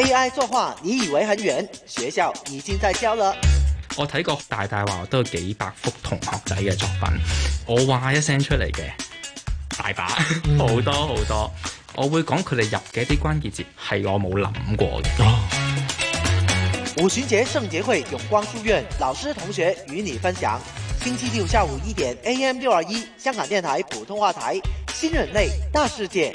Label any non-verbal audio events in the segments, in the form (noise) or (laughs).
AI 作畫，你以為很遠？學校已經在教了。我睇過大大話，都有幾百幅同學仔嘅作品。我話一聲出嚟嘅，大把，好、嗯、多好多。我會講佢哋入嘅啲關鍵節，係我冇諗過嘅。五旬節聖潔會永光書院老師同學與你分享，星期六下午一點，AM 六二一，香港電台普通話台，新人類大世界。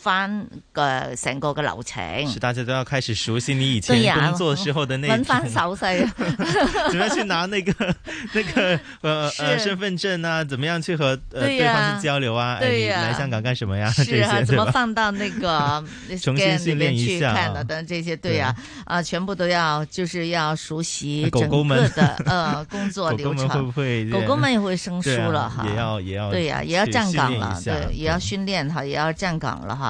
翻個成個個流程，是大家都要開始熟悉你以前工作時候的那門。翻手勢， (laughs) (laughs) 怎麼樣去拿那個那個 (laughs) 呃呃身份證啊？怎麼樣去和、呃、對方去交流啊，呃對啊呃？你來香港干什麼呀？是啊，怎麼放到那個 (laughs) 重新訓練一下、啊？等這些對啊，對啊，啊，全部都要就是要熟悉整個的、啊、狗狗們呃工作流程。 (laughs) 狗狗們狗狗們也會生疏了哈、啊，也要也要對呀、啊嗯，也要站崗了，對、嗯，也要訓練哈，也要站崗了哈。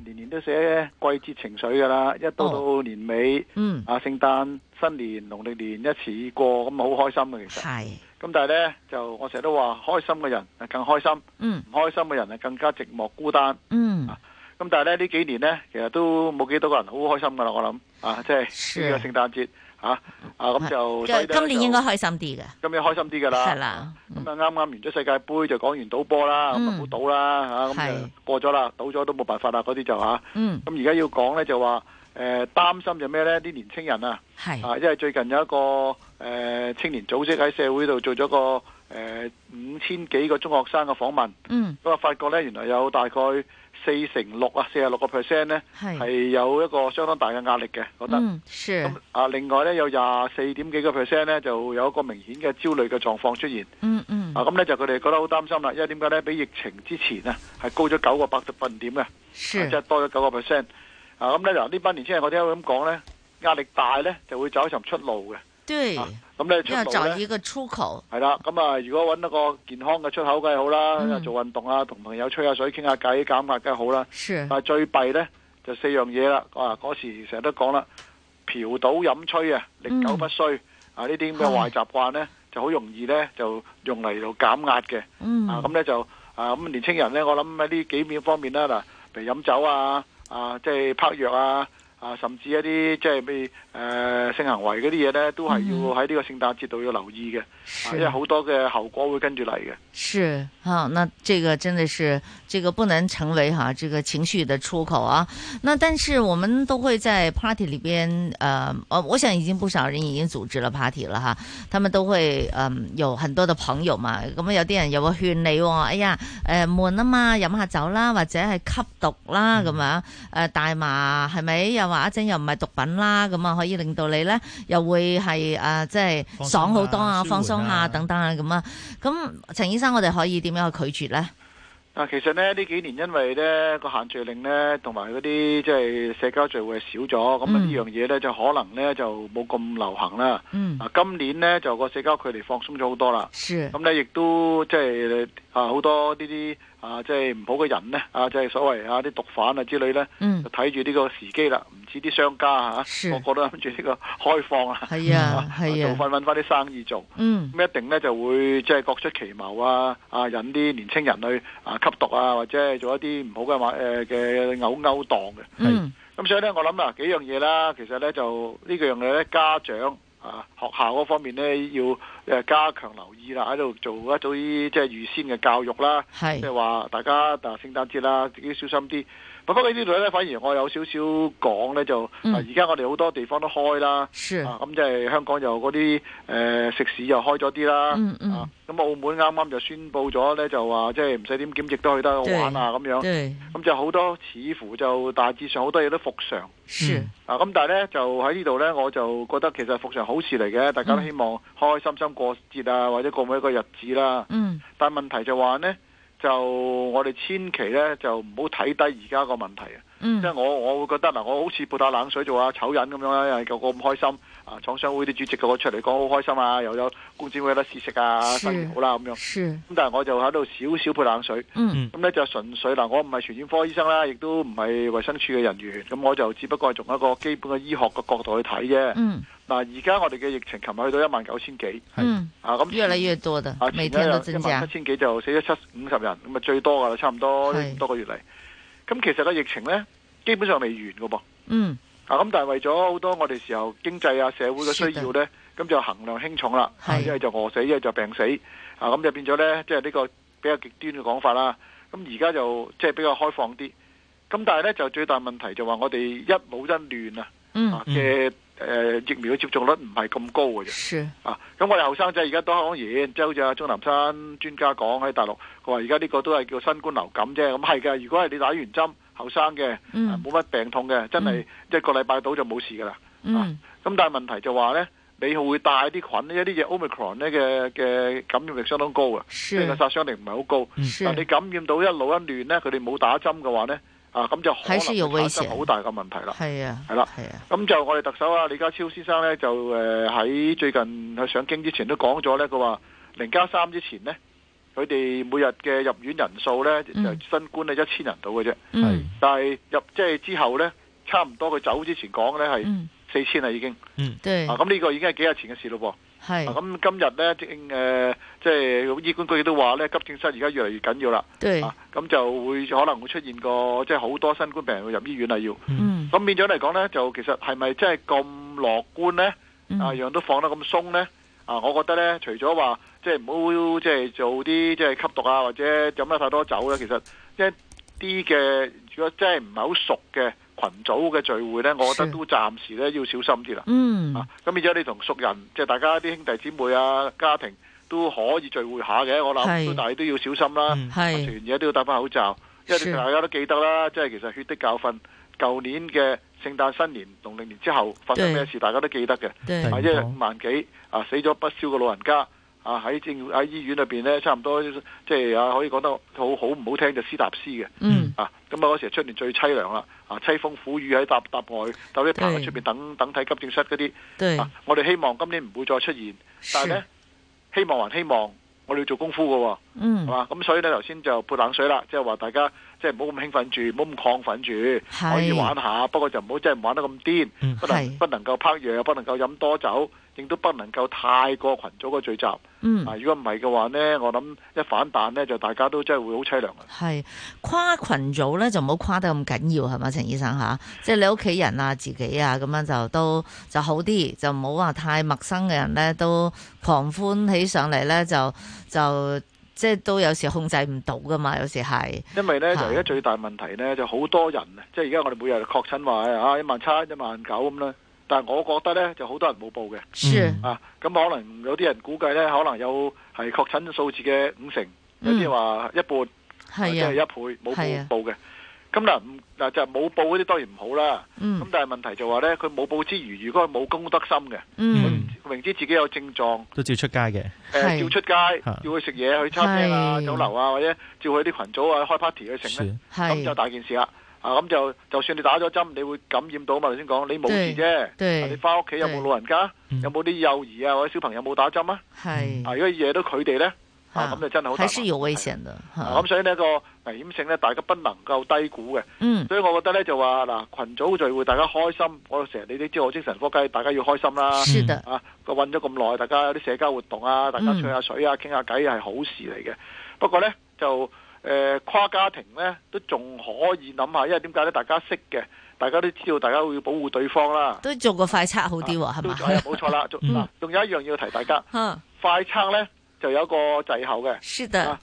年年都寫季節情緒噶啦，一到到年尾，哦，嗯，啊，聖誕、新年、農曆年一次過，咁好開心嘅其實。係。咁但係咧，就我成日都話，開心嘅人係更開心，嗯，唔開心嘅人係更加寂寞孤單，嗯。咁、啊、但係咧呢幾年咧，其實都冇幾多個人好開心噶啦，我諗，啊，即係呢個聖誕節。吓、啊，啊咁就今年應該開心啲嘅，今年開心啲噶啦，啦，咁啊啱啱完咗世界杯就講完賭波啦，咁啊冇賭啦吓，咁就過咗啦，賭咗都冇辦法啦，嗰啲就吓，嗯，咁而家要講咧就話，誒、呃、擔心就咩咧？啲年青人啊，係，啊因為、就是、最近有一個誒、呃、青年組織喺社會度做咗個誒、呃、五千幾個中學生嘅訪問，嗯，咁啊發覺咧原來有大概。四成六啊，四十六個 percent 咧，係有一個相當大嘅壓力嘅，覺得咁啊。另外咧，有廿四點幾個 percent 咧，就有一個明顯嘅焦慮嘅狀況出現。嗯嗯。啊，咁咧就佢哋覺得好擔心啦，因為點解咧？比疫情之前啊，係高咗九個百分點嘅，即係多咗九個 percent。啊，咁咧由呢班年輕人，我聽佢咁講咧，壓力大咧就會走一層出路嘅。對，咁你要找一個出口。係、啊、啦，咁、嗯、啊,如果揾一個健康嘅出口梗係好啦，又、嗯、做運動啊，同朋友吹一下水、傾下偈，減壓梗係好啦。但係、啊、最弊咧就四樣嘢啦。啊，嗰時成日都講啦，嫖賭飲吹啊，歷久不衰、嗯、啊，呢啲咁嘅壞習慣咧就好容易咧就用嚟到減壓嘅。嗯，咁咧就啊，咁、嗯啊啊、年青人咧，我諗喺呢幾面方面啦，嗱、啊，譬如飲酒啊，啊，即係拍藥啊。啊，甚至一啲即係咩誒性行為嗰啲嘢咧，都係要喺呢個聖誕節度要留意嘅、嗯啊，因為好多嘅後果會跟住嚟嘅。是啊，嗱呢個真係是。這個不能成為哈，這個情緒的出口啊。那但是我們都會在 party 裏邊，呃，哦，我想已經不少人已經組織了 party 了哈。他們都會，嗯、呃，有很多的朋友嘛。咁啊，有啲人又會勸你、哦，哎呀，誒、呃，悶啊嘛，飲下酒啦，或者係吸毒啦咁、嗯、樣，誒、呃，大麻係咪？又話阿晶又唔係毒品啦，咁啊，可以令到你咧，又會係、呃、啊即係爽好多啊，放鬆下、啊啊、等等啊咁啊。咁陳醫生，我哋可以點樣去拒絕咧？啊其實呢呢幾年因為呢個限聚令呢，同埋嗰啲即係社交聚會少咗，咁、嗯、呢樣嘢呢，就可能呢就冇咁流行啦。嗯，今年呢，就個社交距離放鬆咗好多啦。咁呢亦都即係，就是啊，好多呢啲啊，即係唔好嘅人咧，啊，即、就、係、是啊就是、所謂啊啲毒販啊之類咧、嗯，就睇住呢個時機啦。唔似啲商家嚇、啊，我覺得諗住呢個開放啊係啊，係啊，啊，做翻揾翻啲、啊、生意做。嗯，咁一定咧就會即係、就是、各出奇謀啊！啊，引啲年青人去啊吸毒啊，或者係做一啲唔好嘅話誒嘅勾勾當嘅。嗯，咁所以咧，我諗啊幾樣嘢啦，其實咧就呢個樣嘢咧，家長啊學校嗰方面咧要。誒加強留意啦，喺度做一做啲即係預先嘅教育啦，即係話，就是、大家大聖誕節啦，自己小心啲。不過呢度咧，反而我有少少講咧，就而、啊、家、嗯、我哋好多地方都開啦，咁即係香港又嗰啲誒食肆又開咗啲啦，咁、嗯嗯啊、澳門啱啱就宣布咗咧，就話即係唔使點檢疫都去得去玩啊咁樣，咁就好多似乎就大致上好多嘢都復常，啊咁但係咧就喺呢度咧，我就覺得其實復常好事嚟嘅，大家都希望開開心心過節啊，或者過每一個日子啦，嗯、但問題就話呢。就我哋千祈咧，就唔好睇低而家個問題啊！即、嗯、係我，我會覺得嗱，我好似潑下冷水做下醜人咁樣啦，又個咁開心啊！廠商會啲主席個出嚟講好開心啊，又有，有工展會有得試食啊，生意好啦咁、啊、樣。咁，但係我就喺度少少潑冷水。咁、嗯、咧就純粹嗱，我唔係傳染科醫生啦，亦都唔係衞生署嘅人員，咁我就只不過係從一個基本嘅醫學嘅角度去睇啫。嗯。嗱，而家我哋嘅疫情琴日去到一萬九千幾，啊，咁越嚟越多的，每天都增加，一萬七千幾就死咗七五十人，咁啊最多噶啦，差唔多多個月嚟。咁其實個疫情咧，基本上未完噶噃。嗯。啊，咁、嗯啊、但係為咗好多我哋時候經濟啊社會嘅需要咧，咁就衡量輕重啦。一係、啊、就餓死，一係就病死。啊，咁就變咗咧，即係呢個比較極端嘅講法啦。咁而家就即係、就是、比較開放啲。咁但係咧就最大問題就話我哋一冇一亂、嗯、啊。嘅誒，疫苗嘅接種率唔係咁高嘅啫，啊，咁我哋後生仔而家都當然，即係好似阿鍾南山專家講喺大陸，佢話而家呢個都係叫新冠流感啫，咁係嘅。如果係你打完針，後生嘅，冇乜病痛嘅，真係一個禮拜到就冇事噶啦。啊，咁但係問題就話咧，你會帶啲菌咧，一啲嘢 Omicron 咧嘅嘅感染力相當高嘅，即係個殺傷力唔係好高，但係你感染到一老一嫩咧，佢哋冇打針嘅話咧。啊，咁就可能發生好大嘅問題啦。係啊，係啦。係啊，咁、啊啊、就我哋特首啊，李家超先生呢，就誒喺最近去上京之前都講咗呢。佢話零加三之前呢，佢哋每日嘅入院人數呢、嗯，就新冠係一千人度嘅啫。但係入即係、就是、之後呢，差唔多佢走之前講嘅呢係四千啦已經。嗯，咁呢、啊、個已經係幾日前嘅事咯噃。係咁、啊、今日咧，即係醫管局亦都話咧，急症室而家越嚟越緊要啦。對，咁、啊、就會可能會出現過，即係好多新冠病人入醫院啦。要，咁、嗯、變咗嚟講咧，就其實係咪真係咁樂觀咧、嗯？啊樣樣都放得咁鬆咧？啊，我覺得咧，除咗話即係唔好即係做啲即係吸毒啊，或者飲得太多酒咧，其實、就是、一啲嘅如果真係唔係好熟嘅。群組嘅聚會呢，我覺得都暫時呢要小心啲啦。嗯，咁而家你同熟人，即係大家啲兄弟姊妹啊、家庭都可以聚會下嘅。我諗都但都要小心啦，嗯、全嘢都要戴翻口罩，因為大家都記得啦。即係其實血的教訓，舊年嘅聖誕、新年、同零年之後發生咩事，大家都記得嘅，買、啊、一日五萬幾啊，死咗不少嘅老人家。啊！喺正喺醫院裏邊呢，差唔多即係啊，可以講得好好唔好聽就斯達斯嘅。嗯。啊，咁啊嗰時出年最淒涼啦！啊，淒風苦雨喺搭搭外，搭啲棚喺出邊等等睇急症室嗰啲。對。啊、我哋希望今年唔會再出現，但係呢，希望還希望，我哋要做功夫嘅、哦。嗯。係嘛？咁所以呢，頭先就潑冷水啦，即係話大家。即係唔好咁興奮住，唔好咁亢奮住，可以玩下。不過就唔好真係玩得咁癲、嗯，不能不能夠拍藥，不能夠飲多酒，亦都不能夠太過群組嘅聚集。嗯，啊、如果唔係嘅話呢，我諗一反彈呢，就大家都真係會好凄涼啊。係跨群組呢，就唔好跨得咁緊要係嘛，陳醫生嚇、啊。即係，你屋企人啊、自己啊咁樣就都就好啲，就唔好話太陌生嘅人呢，都狂歡起上嚟呢，就就。即係都有時控制唔到噶嘛，有時係。因為咧、啊、就而家最大問題咧，就好多人現在啊！即係而家我哋每日確診話啊一萬七、一萬九咁啦。但係我覺得咧，就好多人冇報嘅。啊，咁可能有啲人估計咧，可能有係確診數字嘅五成，有啲話一半，或者係一倍冇冇報嘅。咁嗱、啊，嗱就係冇報嗰啲當然唔好啦。咁、嗯、但係問題就話咧，佢冇報之餘，如果佢冇公德心嘅。嗯。明知自己有症狀，都照出街嘅。誒、呃，照出街，照去食嘢、啊，去餐廳啊、酒樓啊，或者照去啲群組啊、開 party 去食咧。咁就大件事啦。啊，咁就就算你打咗針，你會感染到嘛？頭先講，你無事啫、啊。你翻屋企有冇老人家？有冇啲幼兒啊、嗯、或者小朋友冇打針啊？係。啊，如果惹到佢哋咧，咁就真係好。大是有危險嘅。咁、啊啊、所以呢、那、一個。危險性咧，大家不能夠低估嘅。嗯，所以我覺得咧就話嗱，群組聚會大家開心，我成日你都知道我精神科，梗係大家要開心啦。是的啊，咗咁耐，大家有啲社交活動啊，大家吹下水啊，傾下偈係好事嚟嘅。不過咧就誒、呃、跨家庭咧都仲可以諗下，因為點解咧？大家識嘅，大家都知道，大家會保護對方啦。都做個快測好啲係咪？係冇錯啦。 (laughs) 嗯，仲有一樣要提大家。啊、快測咧。就有個滯後嘅。係嗱、啊，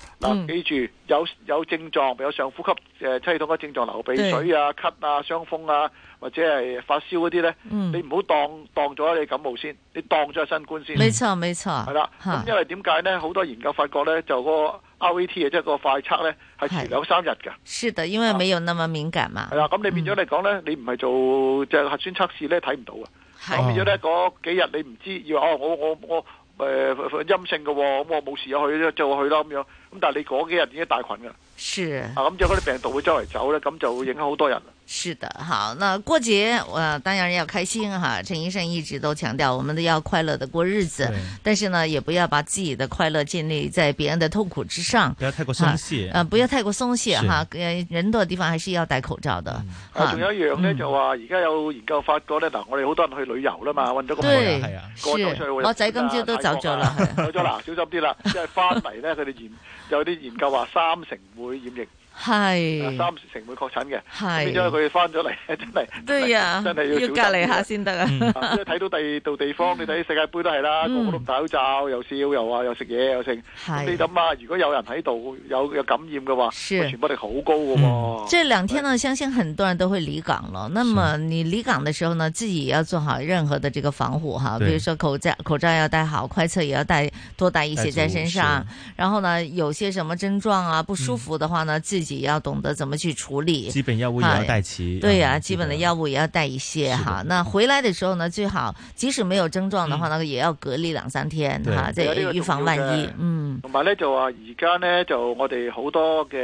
記住、嗯、有有症狀，有上呼吸道誒呼吸嘅症狀，流鼻水啊、咳啊、傷風啊，或者係發燒嗰啲呢。你唔好當當咗你感冒先，你當咗新冠先。冇錯，冇錯。係啦，咁因為點解呢？好、啊、多研究發覺呢，就個 RAT 啊，即係個快測呢，係遲兩三日㗎。係啦，因為未有那麼敏感嘛。係、啊、啦，咁、嗯嗯、你變咗嚟講呢，你唔係做即係核酸測試呢，睇唔到啊。咁變咗呢，嗰幾日你唔知道，以為，我我、哦、我。我我誒、呃、陰性嘅喎、哦，咁、嗯、我冇事啊，去咧就去啦咁樣，咁但係你嗰幾日已經大菌嘅，啊咁就嗰啲病毒會周圍走咧，咁就會影響好多人。是的，好，那過節我當然要開心哈。陳醫生一直都強調，我們都要快樂地過日子，但是呢，也不要把自己的快樂建立在別人的痛苦之上。不要太過鬆懈，啊，嗯、啊，不要太過鬆懈哈。人多的地方還是要戴口罩的。嗯、啊，仲、啊、有一樣呢，嗯、就話而家有研究發覺呢。嗱，我哋好多人去旅遊啦嘛，運咗咁多人，係啊，過去。我仔今朝都走咗啦，走咗啦，小心啲啦，即係翻嚟呢，佢 (laughs) 哋研有啲研究話，三成會染疫。係三成會確診嘅，係因為佢翻咗嚟，真係都要,要隔離下先得 (laughs) 啊！即係睇到第二度地方，嗯、你睇世界杯都係啦，嗯、個個都戴口罩，又笑又話，又食嘢又剩、嗯。你諗下、啊，如果有人喺度有有感染嘅話，傳播力好高嘛。即、嗯、這兩天呢，相信很多人都會離港咯。那麼你離港嘅時候呢，自己要做好任何的這個防護哈，比如說口罩口罩要戴好，快測也要戴多帶一些在身上。然後呢，有些什麼症狀啊，不舒服的話呢，嗯、自己自己要懂得怎麼去處理，基本藥物也要帶齊。對啊，嗯、基本的藥物也要帶一些哈。那回來的時候呢，最好即使沒有症狀的話，呢、嗯、個也要隔離兩三天哈，即係預防萬一。嗯。同埋咧就話而家呢，就我哋好多嘅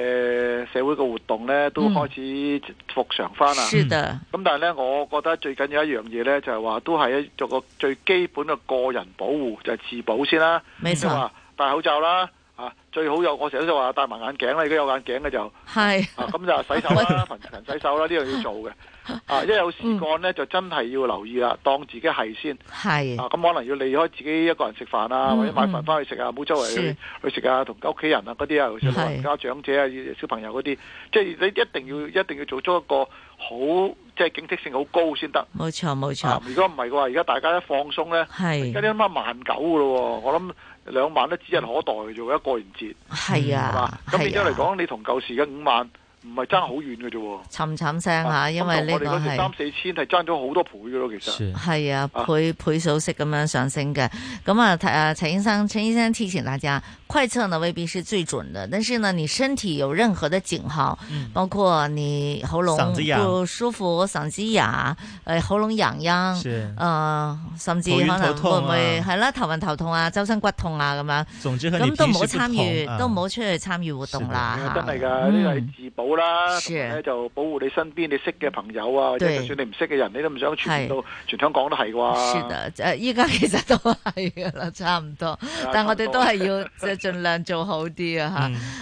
社會嘅活動咧都開始復常翻啦、嗯。是的。咁、嗯、但係咧，我覺得最緊要一樣嘢咧就係、是、話都係做一個最基本嘅個人保護，就係、是、自保先啦、啊。沒錯。說戴口罩啦。最好有我成日都話戴埋眼鏡啦，如果有眼鏡嘅就，係，咁、啊、就洗手啦，頻 (laughs) 頻洗手啦，呢樣要做嘅。啊，一有事幹咧、嗯、就真係要留意啦，當自己係先。係。啊，咁可能要離開自己一個人食飯啊、嗯，或者買飯翻去食啊，冇周圍去食啊，同屋企人啊嗰啲啊，老人家長者啊、小朋友嗰啲，即係、就是、你一定要一定要做足一個好即係警惕性好高先得。冇錯冇錯、啊。如果唔係嘅話，而家大家一放鬆咧，而家啲乜慢狗嘅咯，我諗。兩萬都指日可待，做、嗯、一個完節，係、嗯、啊，咁變咗嚟講，你同舊時嘅五萬，唔係爭好遠嘅啫，慘慘聲嚇，因為呢個係三四千係爭咗好多倍嘅咯，其實係啊，倍啊倍數式咁樣上升嘅。咁啊，陳醫生，陳醫生提醒大家，快測呢未必是最準的，但是呢，你身體有任何嘅警號，包括你喉嚨不舒服，嗓子癢，誒喉嚨癢癢，誒、呃呃、甚至可能會唔會係啦，頭暈頭、啊啊、頭頭痛啊，周身骨痛啊咁樣。咁都唔好參與，都唔好出去參與活動啦、啊這個、真係㗎，呢個係自保。啦，就保護你身邊你識嘅朋友啊，或者就算你唔識嘅人，你都唔想傳到全香港都係啩。是的，誒，依家其實都係啦，差唔多，但係我哋都係要即係盡量做好啲啊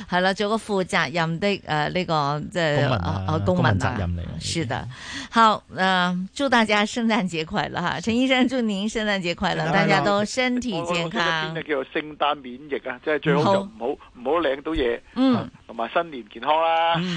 吓，係、嗯、啦、嗯，做個負責任的誒呢個即係，呃、公民啊，公民任嚟。任。是的，好，嗯、呃，祝大家聖誕節快樂哈！陳醫生祝您聖誕節快樂，大家都身體健康。邊咧叫做聖誕免疫啊，即係最好就唔好唔好領到嘢，同埋新年健康啦。嗯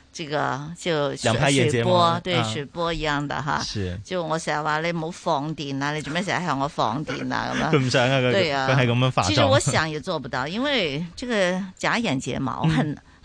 這即個即傳播，對傳、嗯、播依樣嘅嚇。就我成日話你冇放電啊！你做咩成日向我放電啊？咁樣佢唔想啊，對啊，佢佢係咁樣化妝。其實我想也做不到， (laughs) 因為這個假眼睫毛很。嗯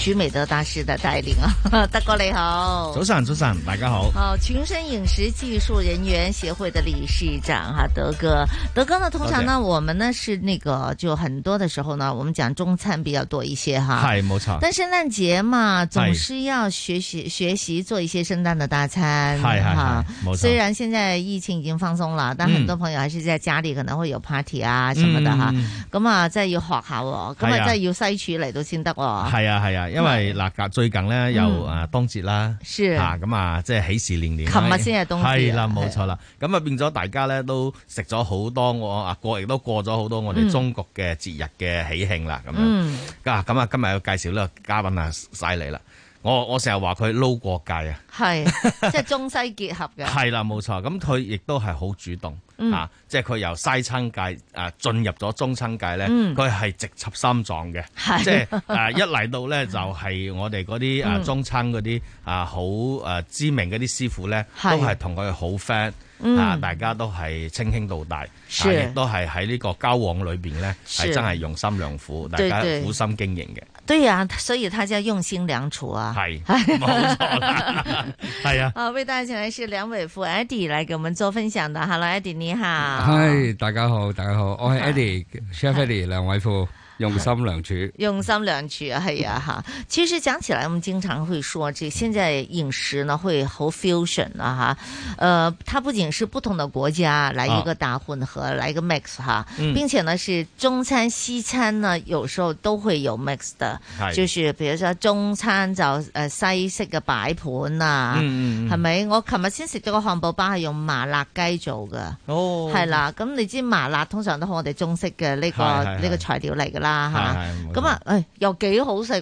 許美德大師的帶領啊，德哥你好。早晨，早晨，大家好。好，群生飲食技術人員協會的理事長哈，德哥。德哥呢，通常呢，謝謝我們呢是那個，就很多的時候呢，我們講中餐比較多一些哈。係，冇錯。但聖誕節嘛，總是要學習學習做一些聖誕的大餐，哈、嗯。雖然現在疫情已經放鬆了，但很多朋友還是在家裏可能會有 party 啊、嗯、什麼的哈。咁啊，再要學下，咁啊再要西廚嚟到先得。係啊，係啊。因為嗱，最近咧又啊冬節啦，吓咁啊，即係喜事連連。琴日先係冬節，係啦，冇錯啦。咁啊變咗大家咧都食咗好多，啊過亦都過咗好多我哋中國嘅節日嘅喜慶啦。咁樣，啊咁啊今日要介紹呢個嘉賓啊犀利啦！我我成日話佢撈過界啊，係即係中西結合嘅，係啦冇錯。咁佢亦都係好主動。嗯、啊！即係佢由西餐界啊進入咗中餐界咧，佢、嗯、係直插心臟嘅。即係啊，一嚟到咧、嗯、就係、是、我哋嗰啲啊中餐嗰啲啊好啊知名嗰啲師傅咧，都係同佢好 friend。嗯、啊！大家都係親兄弟大，亦、啊、都係喺呢個交往裏邊咧，係真係用心良苦對對，大家苦心經營嘅。對啊，所以他叫用心良苦啊。係冇 (laughs) 錯啦了，係 (laughs) (laughs) 啊。好，為大家請嚟是梁偉富 Eddie 來給我們做分享的。Hello，Eddie 你好。嗨，大家好，大家好，我係 Eddie Chef Eddie 梁偉富。用心梁廚，用心梁廚啊，係啊嚇！其實講起來，我們經常會說，即係現在飲食呢，會好 fusion 啊。嚇。呃，它不僅是不同的國家來一個大混合，啊、來一個 mix 哈。嗯。並且呢，是中餐西餐呢，有時候都會有 mix 的。嗯、就是，比如就中餐就誒西式嘅擺盤啊。嗯係咪？我琴日先食咗個漢堡包，係用麻辣雞做嘅。哦。係啦，咁你知麻辣通常都係我哋中式嘅呢、這個呢、這個材料嚟㗎啦。啊吓，咁啊，誒又幾好食，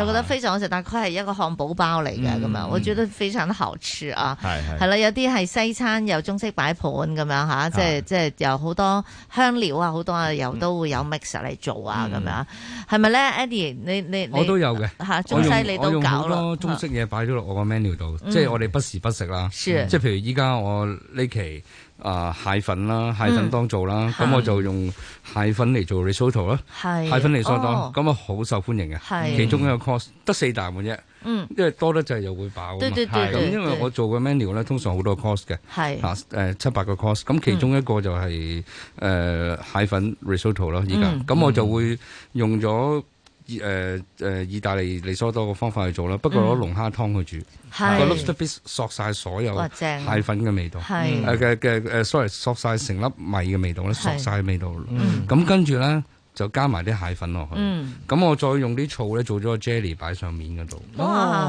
又覺得非常好食，但佢係一個漢堡包嚟嘅，咁樣，我覺得非常的好食啊。係係，係啦，有啲係西餐又中式擺盤咁樣吓，即係即係有好多香料啊，好多啊，又都會有 mix 嚟做啊咁樣，係咪咧？Eddy，你你我都有嘅吓，中西你都搞咯。中式嘢擺咗落我個 menu 度，即係我哋不時不食啦。即係譬如依家我呢期。啊蟹粉啦，蟹粉當做啦，咁、嗯、我就用蟹粉嚟做 risotto 啦、嗯，蟹粉嚟當當，咁啊好受歡迎嘅。其中一個 course 得、嗯、四大啖啫、嗯，因為多得就又會飽。係咁，因為我做嘅 menu 咧，通常好多 course 嘅，啊誒、呃、七八個 course，咁其中一個就係、是、誒、嗯呃、蟹粉 risotto 咯。而家咁我就會用咗。意誒、呃、意大利利索多個方法去做啦。不過攞龍蝦湯去煮，個 lobster bisque 索晒所有蟹粉嘅味道，嘅嘅誒，sorry，索晒成粒米嘅味道咧，索晒味道。咁、嗯、跟住咧就加埋啲蟹粉落去。咁、嗯、我再用啲醋咧做咗個 jelly 擺上面嗰度。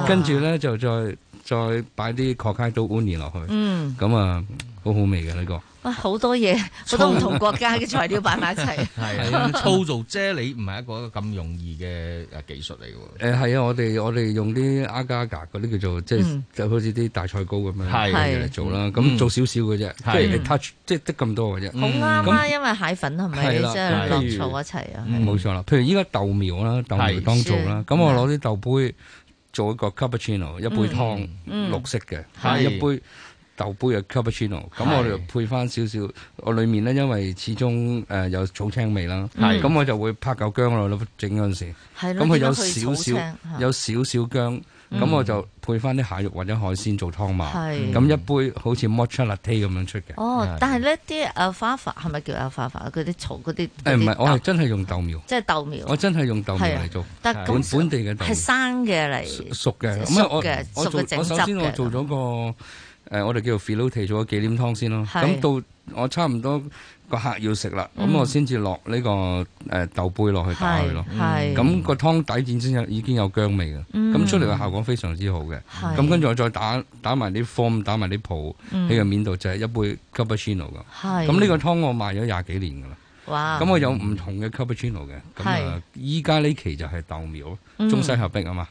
跟住咧就再再擺啲 crocodile onion 落去。咁、嗯、啊，好好味嘅呢、呢個。哇！好多嘢，好多唔同國家嘅材料擺埋一齊。係 (laughs) 啊，創造啫喱唔係一個咁容易嘅誒技術嚟嘅喎。誒係啊，我哋我哋用啲 agar agar 嗰啲叫做即係、嗯、就好似啲大菜糕咁樣嚟做啦。咁、嗯、做少少嘅啫，即係 touch 即係得咁多嘅啫。好啱啦，因為蟹粉係咪？即係落醋一齊啊。冇錯啦，譬如依家豆苗啦，豆苗當做啦。咁我攞啲豆杯做一個 cappuccino 一杯湯、嗯、綠色嘅，一杯。豆杯啊，cappuccino，咁我就配翻少少，我裏面咧因為始終誒、呃、有草青味啦，咁、嗯、我就會拍嚿薑落去整嗰陣時，咁佢有少少有少少薑，咁、嗯、我就配翻啲蟹肉或者海鮮做湯碼，咁一杯好似 mocha latte 咁樣出嘅。哦，是但係呢啲誒花粉係咪叫阿花粉啊？啲草嗰啲誒唔係，我係真係用豆苗，即、就、係、是、豆苗，我真係用豆苗嚟做，的本本地嘅豆苗，係生嘅嚟，熟嘅，熟嘅，熟嘅整汁嘅。我誒、呃，我哋叫做 filo 提咗忌廉湯先咯，咁到我差唔多個客要食啦，咁、嗯、我先至落呢個豆杯落去打佢咯。係，咁、嗯、那個湯底先有已經有薑味嘅，咁、嗯、出嚟嘅效果非常之好嘅。咁跟住我再打打埋啲 foam，打埋啲泡喺個、嗯、面度，就係一杯 cappuccino 嘅。咁呢個湯我賣咗廿幾年㗎啦。哇、wow, 嗯！咁我有唔同嘅 capuchino 嘅，咁啊，依家呢期就係豆苗，中西合璧是啊嘛，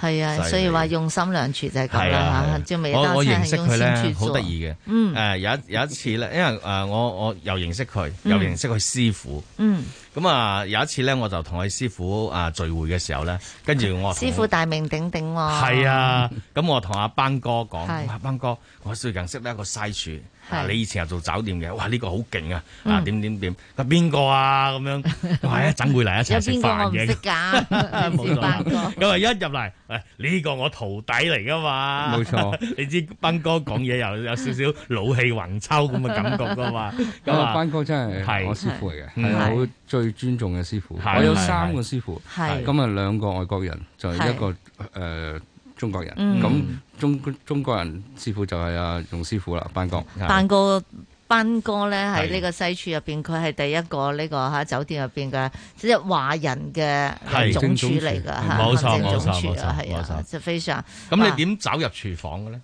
係啊，所以話用心梁廚就係咁啦，我我認識佢呢，好得意嘅，誒，有、嗯呃、有一次咧，因為誒、呃、我我又認識佢，又認識佢師傅，咁、嗯、啊、嗯呃、有一次咧，我就同佢師傅啊聚會嘅時候咧，跟住我跟師傅大名鼎鼎、哦，係啊，咁、嗯、我同阿班哥講，阿班哥，我最近識得一個西廚。啊！你以前係做酒店嘅，哇！呢個好勁啊！啊點點點，個邊個啊咁樣？哇！啊，一陣會嚟一齊食飯嘅，冇錯，咁啊一入嚟，誒呢個我徒弟嚟噶嘛？冇錯，你知斌哥講嘢又有少少老氣橫秋咁嘅感覺噶嘛？咁啊，斌哥真係我師傅嚟嘅，我最尊重嘅師傅。我有三個師傅，咁啊兩個外國人，就係一個誒。中國人咁中中國人師傅就係阿容師傅啦，班哥。班哥班哥咧，喺呢個西廚入邊，佢係第一個呢個嚇酒店入邊嘅即係華人嘅總廚嚟㗎。冇錯，行政總廚啊，係啊，就非常。咁你點走入廚房嘅咧？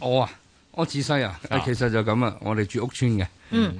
我啊～我自細啊，啊，其實就咁、嗯、啊，我哋住屋村嘅，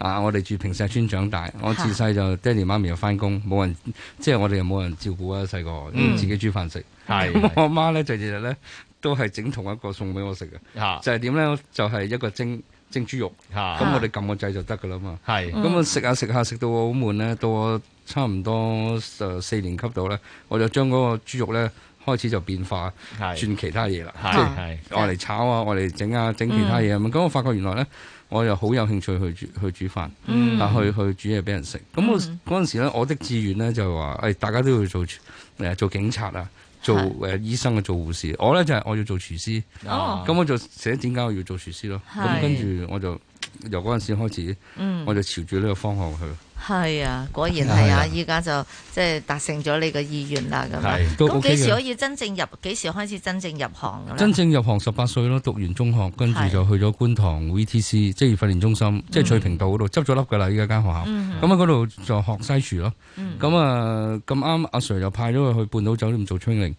啊我哋住平石村長大。我自細就爹哋媽咪又翻工，冇人，即係我哋又冇人照顧啊細個，自己煮飯食。咁、嗯、 (laughs) 我媽咧就日日咧都係整同一個餸俾我食嘅是，就係點咧？就係一個蒸蒸豬肉。咁是我哋撳個掣就得㗎啦嘛。咁啊食下食下食到我好悶咧，到我差唔多就四年級度咧，我就將嗰個豬肉咧。開始就變化，轉其他嘢啦，即係我嚟炒啊，我嚟整啊，整其他嘢啊咁。我發覺原來咧，我又好有興趣去煮去煮飯，啊去去煮嘢俾人食。咁我嗰陣時咧，我的志願咧就係話，誒大家都要做誒做警察啊，做誒醫生啊，做護士。我咧就係我要做廚師。咁我就寫點解我要做廚師咯。咁跟住我就由嗰陣時開始，我就朝住呢個方向去。係啊，果然係啊！依家、啊、就即係達成咗你個意願啦，咁、啊。咁幾時可以真正入？幾時開始真正入行？真正入行十八歲咯，讀完中學，跟住就去咗觀塘 VTC 職業訓練中心，即係翠屏道嗰度執咗笠噶啦，依家間學校。咁喺嗰度就學西廚咯。咁、嗯、啊，咁啱阿 Sir 又派咗佢去半島酒店做 training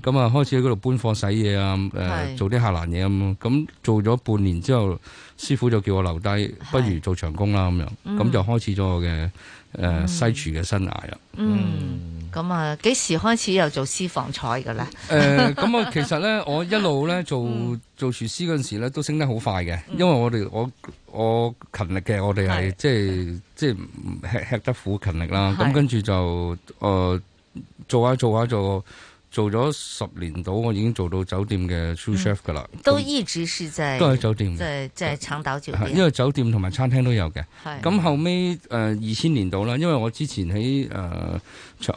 咁啊，嗯、開始喺嗰度搬貨洗嘢啊，誒、呃，做啲下欄嘢咁。咁做咗半年之後。師傅就叫我留低，不如做長工啦咁樣，咁就開始咗我嘅誒西廚嘅生涯啦。嗯，咁啊幾時開始又做私房菜嘅咧？誒，咁啊，其實咧，我一路咧做做廚師嗰陣時咧，都升得好快嘅，因為我哋我我，我勤力嘅，我哋係即係即係吃吃得苦勤力啦。咁跟住就誒、呃、做下做下做。做咗十年度，我已經做到酒店嘅主 Chef 噶啦、嗯。都一直是在都喺酒店，即在，在長島酒店，因為酒店同埋餐廳都有嘅。咁、嗯、後尾，誒二千年度啦，因為我之前喺誒、呃、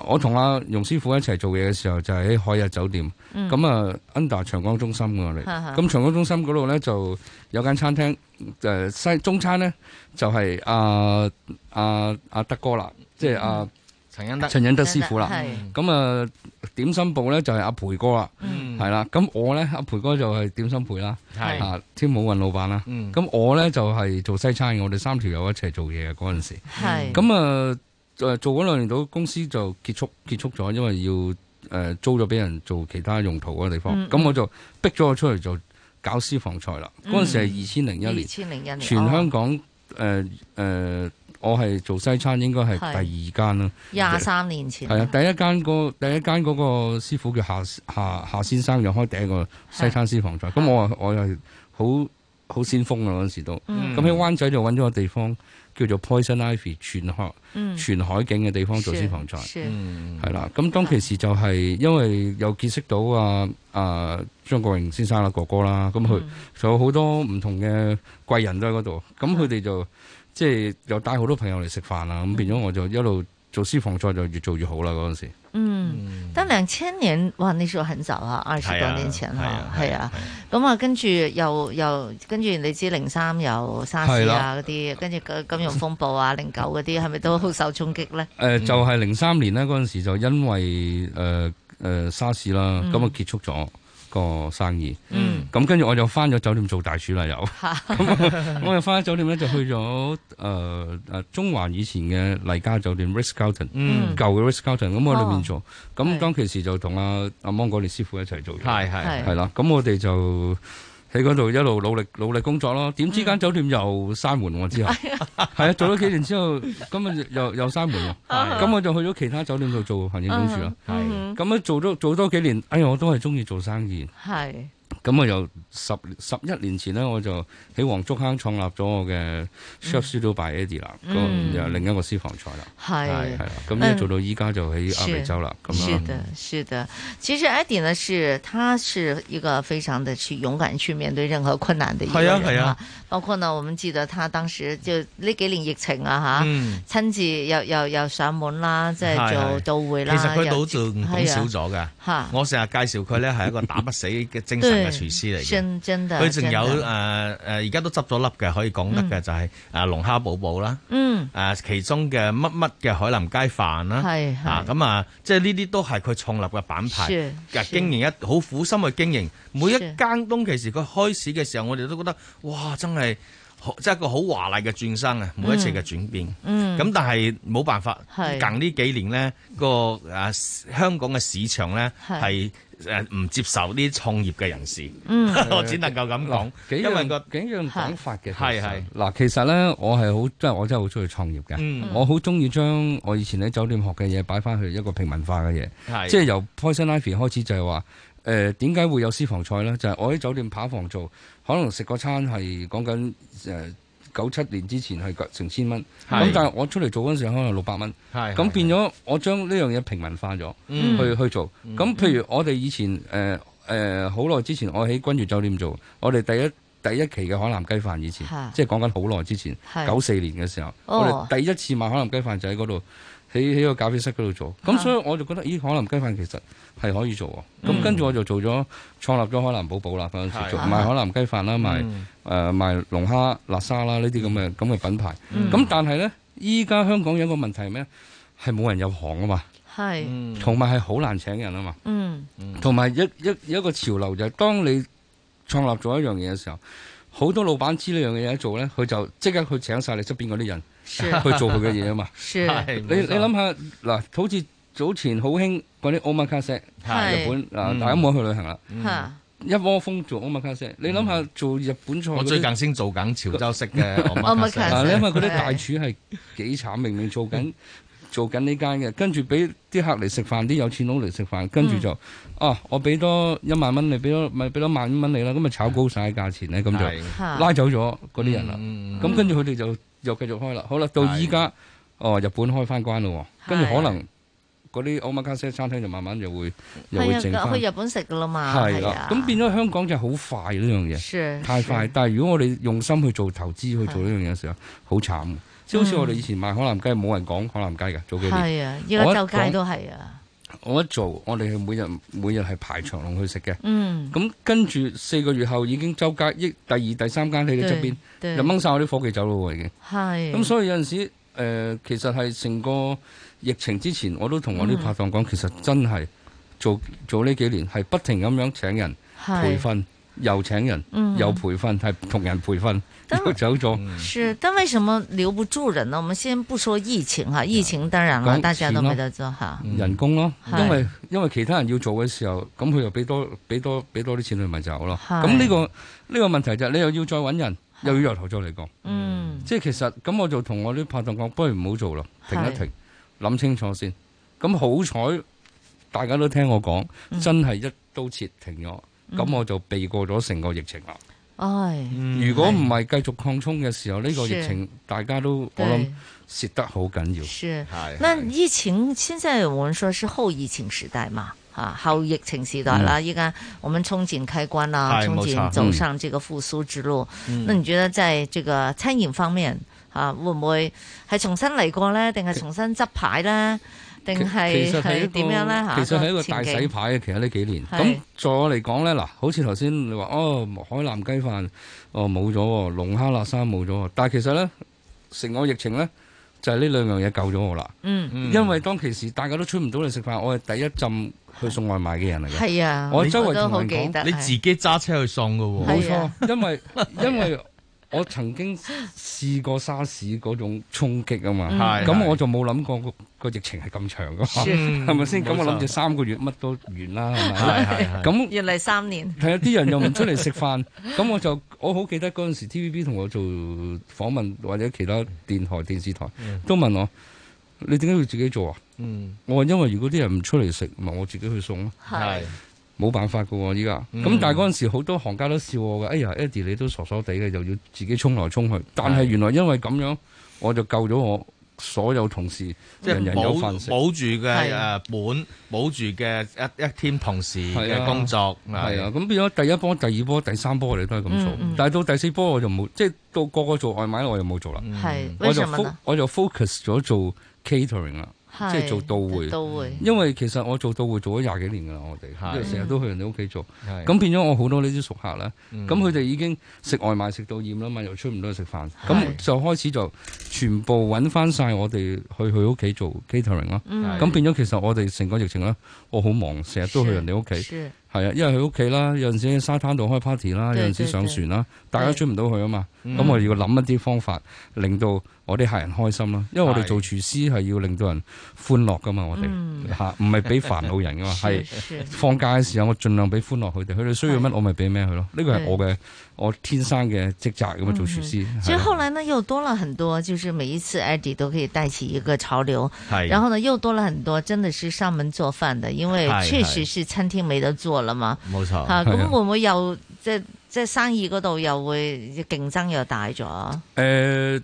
我同阿容師傅一齊做嘢嘅時候，嗯、就喺、是、海逸酒店。咁、嗯、啊、嗯、under 長江中心嘅我哋。咁、嗯、長江中心嗰度咧就有間餐廳，誒、呃、西中餐咧就係阿阿阿德哥啦，即係阿。嗯陳恩德，陳恩德師傅啦，咁、嗯、啊點心部咧就係、是、阿培哥啦，係、嗯、啦，咁我咧阿培哥就係點心培啦，啊天武運老闆啦，咁、嗯、我咧就係、是、做西餐嘅，我哋三條友一齊做嘢嘅嗰陣時，咁、嗯、啊做咗兩年到公司就結束結束咗，因為要誒租咗俾人做其他用途嘅地方，咁、嗯、我就逼咗佢出嚟就搞私房菜啦，嗰、嗯、陣時係二千零一年，全香港誒誒。哦呃呃我係做西餐，應該係第二間啦。廿三年前，係啊，第一間，個第一間嗰個師傅叫夏夏夏先生，又開第一個西餐私房菜。咁我我係好好先鋒啊！嗰時都咁喺灣仔就揾咗個地方叫做 Poison Ivy，全海、嗯、全海景嘅地方做私房菜。係啦，咁、嗯、當其時就係因為有結識到阿、啊、阿、啊、張國榮先生啦、哥哥啦，咁佢仲有好多唔同嘅貴人都喺嗰度，咁佢哋就，即係又帶好多朋友嚟食飯啦，咁變咗我就一路做私房菜就越做越好啦嗰陣時。嗯，但兩千年哇，那時候很早啊，二十多年前咯，係啊。咁啊，啊啊啊嗯嗯嗯嗯、跟住又又跟住你知零三有沙士啊嗰啲、啊，跟住金金融風暴啊零九嗰啲，係咪都好受衝擊咧？誒、嗯，就係零三年咧嗰陣時就因為誒誒、呃呃、沙士啦，咁啊結束咗。嗯個生意，咁跟住我就返咗酒店做大廚啦，又咁 (laughs) 我又返咗酒店咧，就去咗誒誒中環以前嘅麗嘉酒店 Ritz Carlton，舊、嗯、嘅 Ritz Carlton，咁喺裏面做，咁、哦、當其時就同阿阿芒果李師傅一齊做嘢，係係係啦，咁我哋就。你嗰度一路努力努力工作咯，點知間酒店又閂門喎之後，係啊， (laughs) 做咗幾年之後，咁啊又又閂門喎，咁 (laughs) 我就去咗其他酒店度做行政總廚。咯， (laughs) 係，咁啊做咗做多幾年，哎呀，我都係中意做生意，係。 (laughs) 咁我又十十一年前呢，我就喺黃竹坑創立咗我嘅 Chef Studio by Eddy 啦，個、嗯、又另一個私房菜啦，係係啦，咁要做到依家就喺亞美洲啦。咁啊、嗯，是的，是的、是的，其實 Eddie 呢，是他是一個非常的勇敢去面對任何困難嘅一個人啊，係啊。包括呢，我們記得他當時就呢幾年疫情啊吓親、嗯、自又又又上門啦，即係做到會啦是是，其實佢都做減少咗嘅。嚇、啊，我成日介紹佢咧係一個打不死嘅精神嘅。 (laughs) 廚師嚟嘅，佢仲有誒誒，而家都執咗粒嘅，可以講得嘅就係誒龍蝦寶寶啦，嗯，誒其中嘅乜乜嘅海南雞飯啦，係，啊咁啊，即係呢啲都係佢創立嘅品牌，經營一好苦心去經營，每一間東其時佢開始嘅時候，我哋都覺得哇，真係即係一個好華麗嘅轉身啊，每一次嘅轉變，嗯，咁但係冇辦法，係近呢幾年咧，個誒香港嘅市場咧係。誒、呃、唔接受啲創業嘅人士，嗯、 (laughs) 我只能夠咁講、嗯，因為、個幾樣，因為、個、幾樣講法嘅係係嗱，其實咧我係好，即係我真係好中意創業嘅、嗯，我好中意將我以前喺酒店學嘅嘢擺翻去一個平民化嘅嘢、嗯，即係由開心 life 開始就係話，誒點解會有私房菜咧？就係、是、我喺酒店扒房做，可能食個餐係講緊誒。呃九七年之前係成千蚊，咁但係我出嚟做嗰陣時候可能六百蚊，咁變咗我將呢樣嘢平民化咗，去、嗯、去做。咁、嗯、譬如我哋以前誒誒好耐之前，我喺君悦酒店做，我哋第一第一期嘅海南雞飯以前，是即係講緊好耐之前，九四年嘅時候，我哋第一次賣海南雞飯就喺嗰度。喺喺個咖啡室嗰度做，咁所以我就覺得，咦？海南雞飯其實係可以做喎。咁、嗯、跟住我就做咗創立咗海南寶寶啦嗰陣做、啊、賣海南雞飯啦，賣誒、嗯呃、賣龍蝦、辣沙啦呢啲咁嘅咁嘅品牌。咁、嗯嗯、但係咧，依家香港有一個問題係咩？係冇人入行啊嘛，係是，同埋係好難請人啊嘛。嗯，同埋一一一個潮流就係、是，當你創立咗一樣嘢嘅時候，好多老闆知呢樣嘢有做咧，佢就即刻去請晒你側邊嗰啲人。去做佢嘅嘢啊嘛！你你諗下嗱，好似早前好興嗰啲 Omakase 日本嗱，大家冇去旅行啦、嗯，一窩蜂做 Omakase。你諗下做日本菜，我最近先做緊潮州式嘅 Omakase。因為啲大廚係幾慘， (laughs) 明明做緊做緊呢間嘅，跟住俾啲客嚟食飯，啲有錢佬嚟食飯，跟住就哦、嗯啊，我俾多一萬蚊你，俾多咪俾多萬蚊你啦，咁咪炒高晒價錢咧，咁就拉走咗嗰啲人啦。咁跟住佢哋就。又繼續開啦，好啦，到依家的哦，日本開翻關咯，跟住可能嗰啲 omakase 餐廳就慢慢就會又會整的去日本食噶啦嘛，係啦的，咁的變咗香港就係好快呢樣嘢，的太快。但係如果我哋用心去做投資的去做呢樣嘢嘅時候，好慘，即好似我哋以前賣海南雞冇人講海南雞嘅，早幾年係啊，依家周街都係啊。我一做，我哋係每日每日係排長龍去食嘅。咁跟住四個月後已經周街，一第二第三間喺你側邊，又掹晒我啲伙計走咯喎已經。咁是、嗯、所以有陣時誒、呃，其實係成個疫情之前，我都同我啲拍檔講，其實真係做做呢幾年係不停咁樣請人培訓，是又請人、嗯、哼又培訓，係同人培訓。佢走咗，是，但為什麼留不住人呢？我們先不說疫情哈，疫情當然啦、啊，大家都冇得做哈、嗯。人工咯，因、嗯、為因為其他人要做嘅時候，咁佢又俾多俾多俾多啲錢佢咪走咯。咁呢、這個呢、這個問題就係、是、你又要再搵人，又要由頭再嚟講。嗯，即係其實咁，我就同我啲拍檔講，不如唔好做啦，停一停，諗清楚先。咁好彩，大家都聽我講，真係一刀切停咗，咁、嗯、我就避過咗成個疫情啦。唉、哎嗯，如果唔係繼續擴充嘅時候，呢、這個疫情大家都我諗蝕得好緊要。是，是是是疫情，現在我們說是後疫情時代嘛，嚇後疫情時代啦，依、嗯、家我們衝進開關啦，衝進走上這個復蘇之路。嗯、那你覺得在這個餐飲方面嚇、嗯啊，會唔會係重新嚟過呢？定係重新執牌呢？定係點樣咧嚇？其實係一個大洗牌嘅，其實呢幾年。咁在是我嚟講咧，嗱，好似頭先你話，哦，海南雞飯，哦，冇咗，龍蝦辣沙冇咗。但係其實咧，成個疫情咧，就係、是、呢兩樣嘢救咗我啦。嗯嗯。因為當其時大家都出唔到嚟食飯，我係第一浸去送外賣嘅人嚟嘅。係啊，我周圍同人講，你自己揸車去送嘅喎。冇是、啊、 (laughs) 錯，因為因為。 (laughs) 我曾經試過沙士嗰種衝擊啊嘛，咁我就冇諗過個疫情係咁長㗎嘛，係咪先？咁我諗住三個月乜都完啦，係咪？咁原來三年，係啊！啲人又唔出嚟食飯，咁我就我好記得嗰陣時，TVB 同我做訪問或者其他電台電視台都問我：你點解要自己做啊？我話因為如果啲人唔出嚟食，咪我自己去送咯。冇辦法嘅喎，依家咁。但係嗰陣時好多行家都笑我嘅，嗯、哎呀 Eddy 你都傻傻地嘅，就要自己衝來衝去。但係原來因為咁樣，我就救咗我所有同事，即人人有份，保住嘅誒本，啊、保住嘅一一 team 同事嘅工作。係啊，咁、啊啊啊、變咗第一波、第二波、第三波，我哋都係咁做。嗯嗯但係到第四波我就冇，即係到個個做外賣，我又冇做啦。係、嗯，是我就 focus，我就 focus 咗做 catering 啦。是即係做到會，嗯，因為其實我做到會做咗廿幾年噶啦，我哋因為成日都去人哋屋企做，咁變咗我好多呢啲熟客啦。咁佢哋已經食外賣食到厭啦嘛，又出唔到去食飯，咁就開始就全部搵翻晒我哋去佢屋企做 catering 咯。咁，嗯，變咗其實我哋成個疫情啦，我好忙，成日都去人哋屋企，係啊，因為佢屋企啦，有陣時喺沙灘度開 party 啦，有陣時上船啦，大家出唔到去啊嘛，咁，嗯，我哋要諗一啲方法令到我啲客人開心咯，因為我哋做廚師係要令到人歡樂噶嘛，我哋嚇唔係俾煩惱人噶嘛，係放假嘅時候我盡量俾歡樂佢哋，佢哋需要乜我咪俾咩佢咯。呢個係我嘅我，我天生嘅職責咁啊，做廚師。所、嗯、以後來呢又多了很多，就是每一次 Eddy 都可以帶起一個潮流。然後呢又多了很多，真的是上門做飯的，因為確實是餐廳沒得做了嘛。冇、啊、錯，嚇咁會唔會又即即生意嗰度又會競爭又大咗？誒、呃。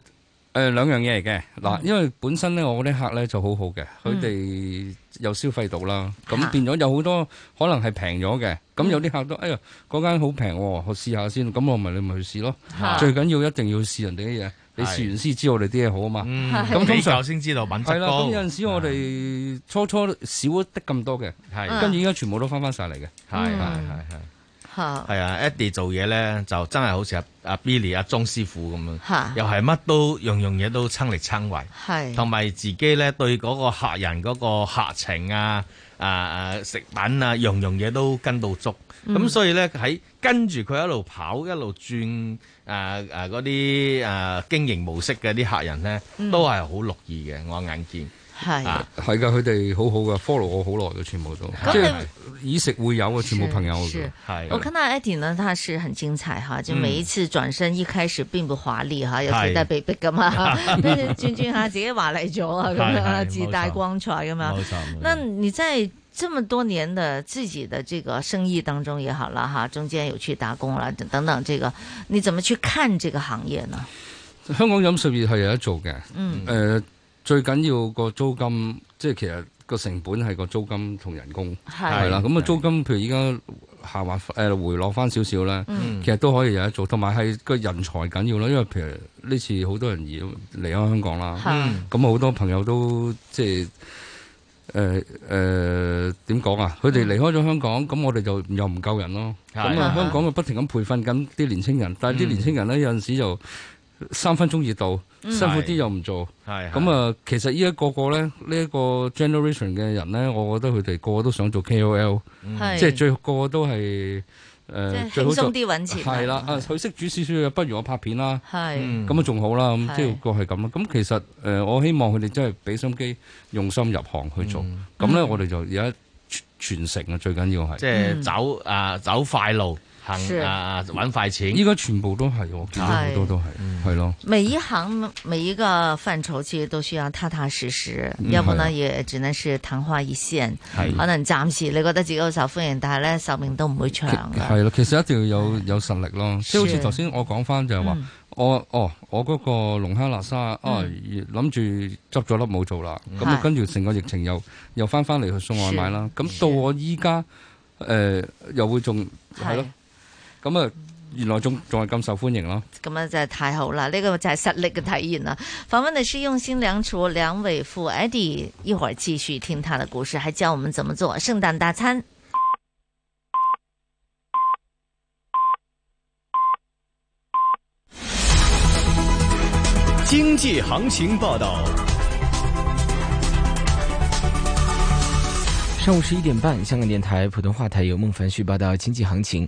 誒、呃、兩樣嘢嚟嘅嗱，因為本身咧我啲客咧就好好嘅，佢、嗯、哋有消費到啦，咁、嗯、變咗有好多可能係平咗嘅，咁、嗯、有啲客都哎呀嗰間好平喎，我試下先，咁我咪你咪去試咯，嗯、最緊要一定要試人哋啲嘢，你試完先知道我哋啲嘢好啊嘛，咁通常先知道品質係啦，咁有陣時我哋初初少一啲咁多嘅、嗯，跟住依家全部都翻翻晒嚟嘅，係、嗯。係啊，啊，Eddy 做嘢咧就真係好似阿阿 Billy 阿莊師傅咁樣，啊、又係乜都樣樣嘢都親力親為，同埋自己咧對嗰個客人嗰個客情啊、啊食品啊樣樣嘢都跟到足，咁、嗯、所以咧喺跟住佢一路跑一路轉，嗰啲誒經營模式嘅啲客人咧、嗯、都係好樂意嘅，我眼見。係係噶，佢哋好好噶，follow 我好耐都全部都。即你、就是、以食會友啊，全部朋友係我看到 Eddy 呢，他是很精彩哈、嗯，就每一次轉身一開始並不華麗哈，有時代被逼噶嘛，跟住轉轉下自己華麗咗啊，咁 (laughs) 啊是 (laughs) 是 (laughs) 自帶光彩噶嘛。那你在這麼多年的自己的這個生意當中也好了哈，中間有去打工啦等等，這個你怎麼去看這個行業呢？香港飲食業係有得做嘅，嗯，誒、呃。最緊要個租金，即係其實個成本係個租金同人工係是啦。咁啊租金，是譬如依家下滑，誒回落翻少少咧，嗯、其實都可以有得做。同埋係個人才緊要咯，因為譬如呢次好多人要離開香港啦，咁好是多朋友都即係誒誒點講啊？佢哋離開咗香港，咁是我哋就又唔夠人咯。咁啊，香港就不停咁培訓緊啲年青人，但係啲年青人咧有陣時就～、嗯嗯三分鐘熱度，辛苦啲又唔做，咁啊，其實依家個個咧，呢、這、一個 generation 嘅人咧，我覺得佢哋個個都想做 KOL，係即係最後個個都係誒、呃，即係輕鬆啲揾錢。係啦，佢識煮少少，不如我拍片啦。係，咁啊仲好啦，咁即係個係咁啦。咁、就是、其實誒，我希望佢哋真係俾心機，用心入行去做，咁、嗯、咧我哋就而家傳承啊，最緊要係即係走啊走快路。行啊，搵快錢，依家全部都係喎，全部都都係，係咯、嗯。每一行，每一個範疇，其實都需要踏踏實實。有可能亦只能是曇花一現，可能暫時你覺得自己好受歡迎，但係咧壽命都唔會長嘅。係咯，其實一定要有有實力咯。即係好似頭先我講翻就係話，我哦，我嗰個龍蝦辣沙啊，諗住執咗粒冇做啦，咁啊跟住成個疫情又又翻翻嚟去送外賣啦。咁到我依家誒又會仲係咯。咁啊，原來仲仲係咁受歡迎咯！咁啊，真係太好啦！呢個就係實力嘅體驗啦。訪問的是用心良廚梁偉富 Eddy，一會兒繼續聽他的故事，還教我們怎麼做聖誕大餐。經濟行情報道，上午十一點半，香港電台普通話台由孟凡旭報道經濟行情。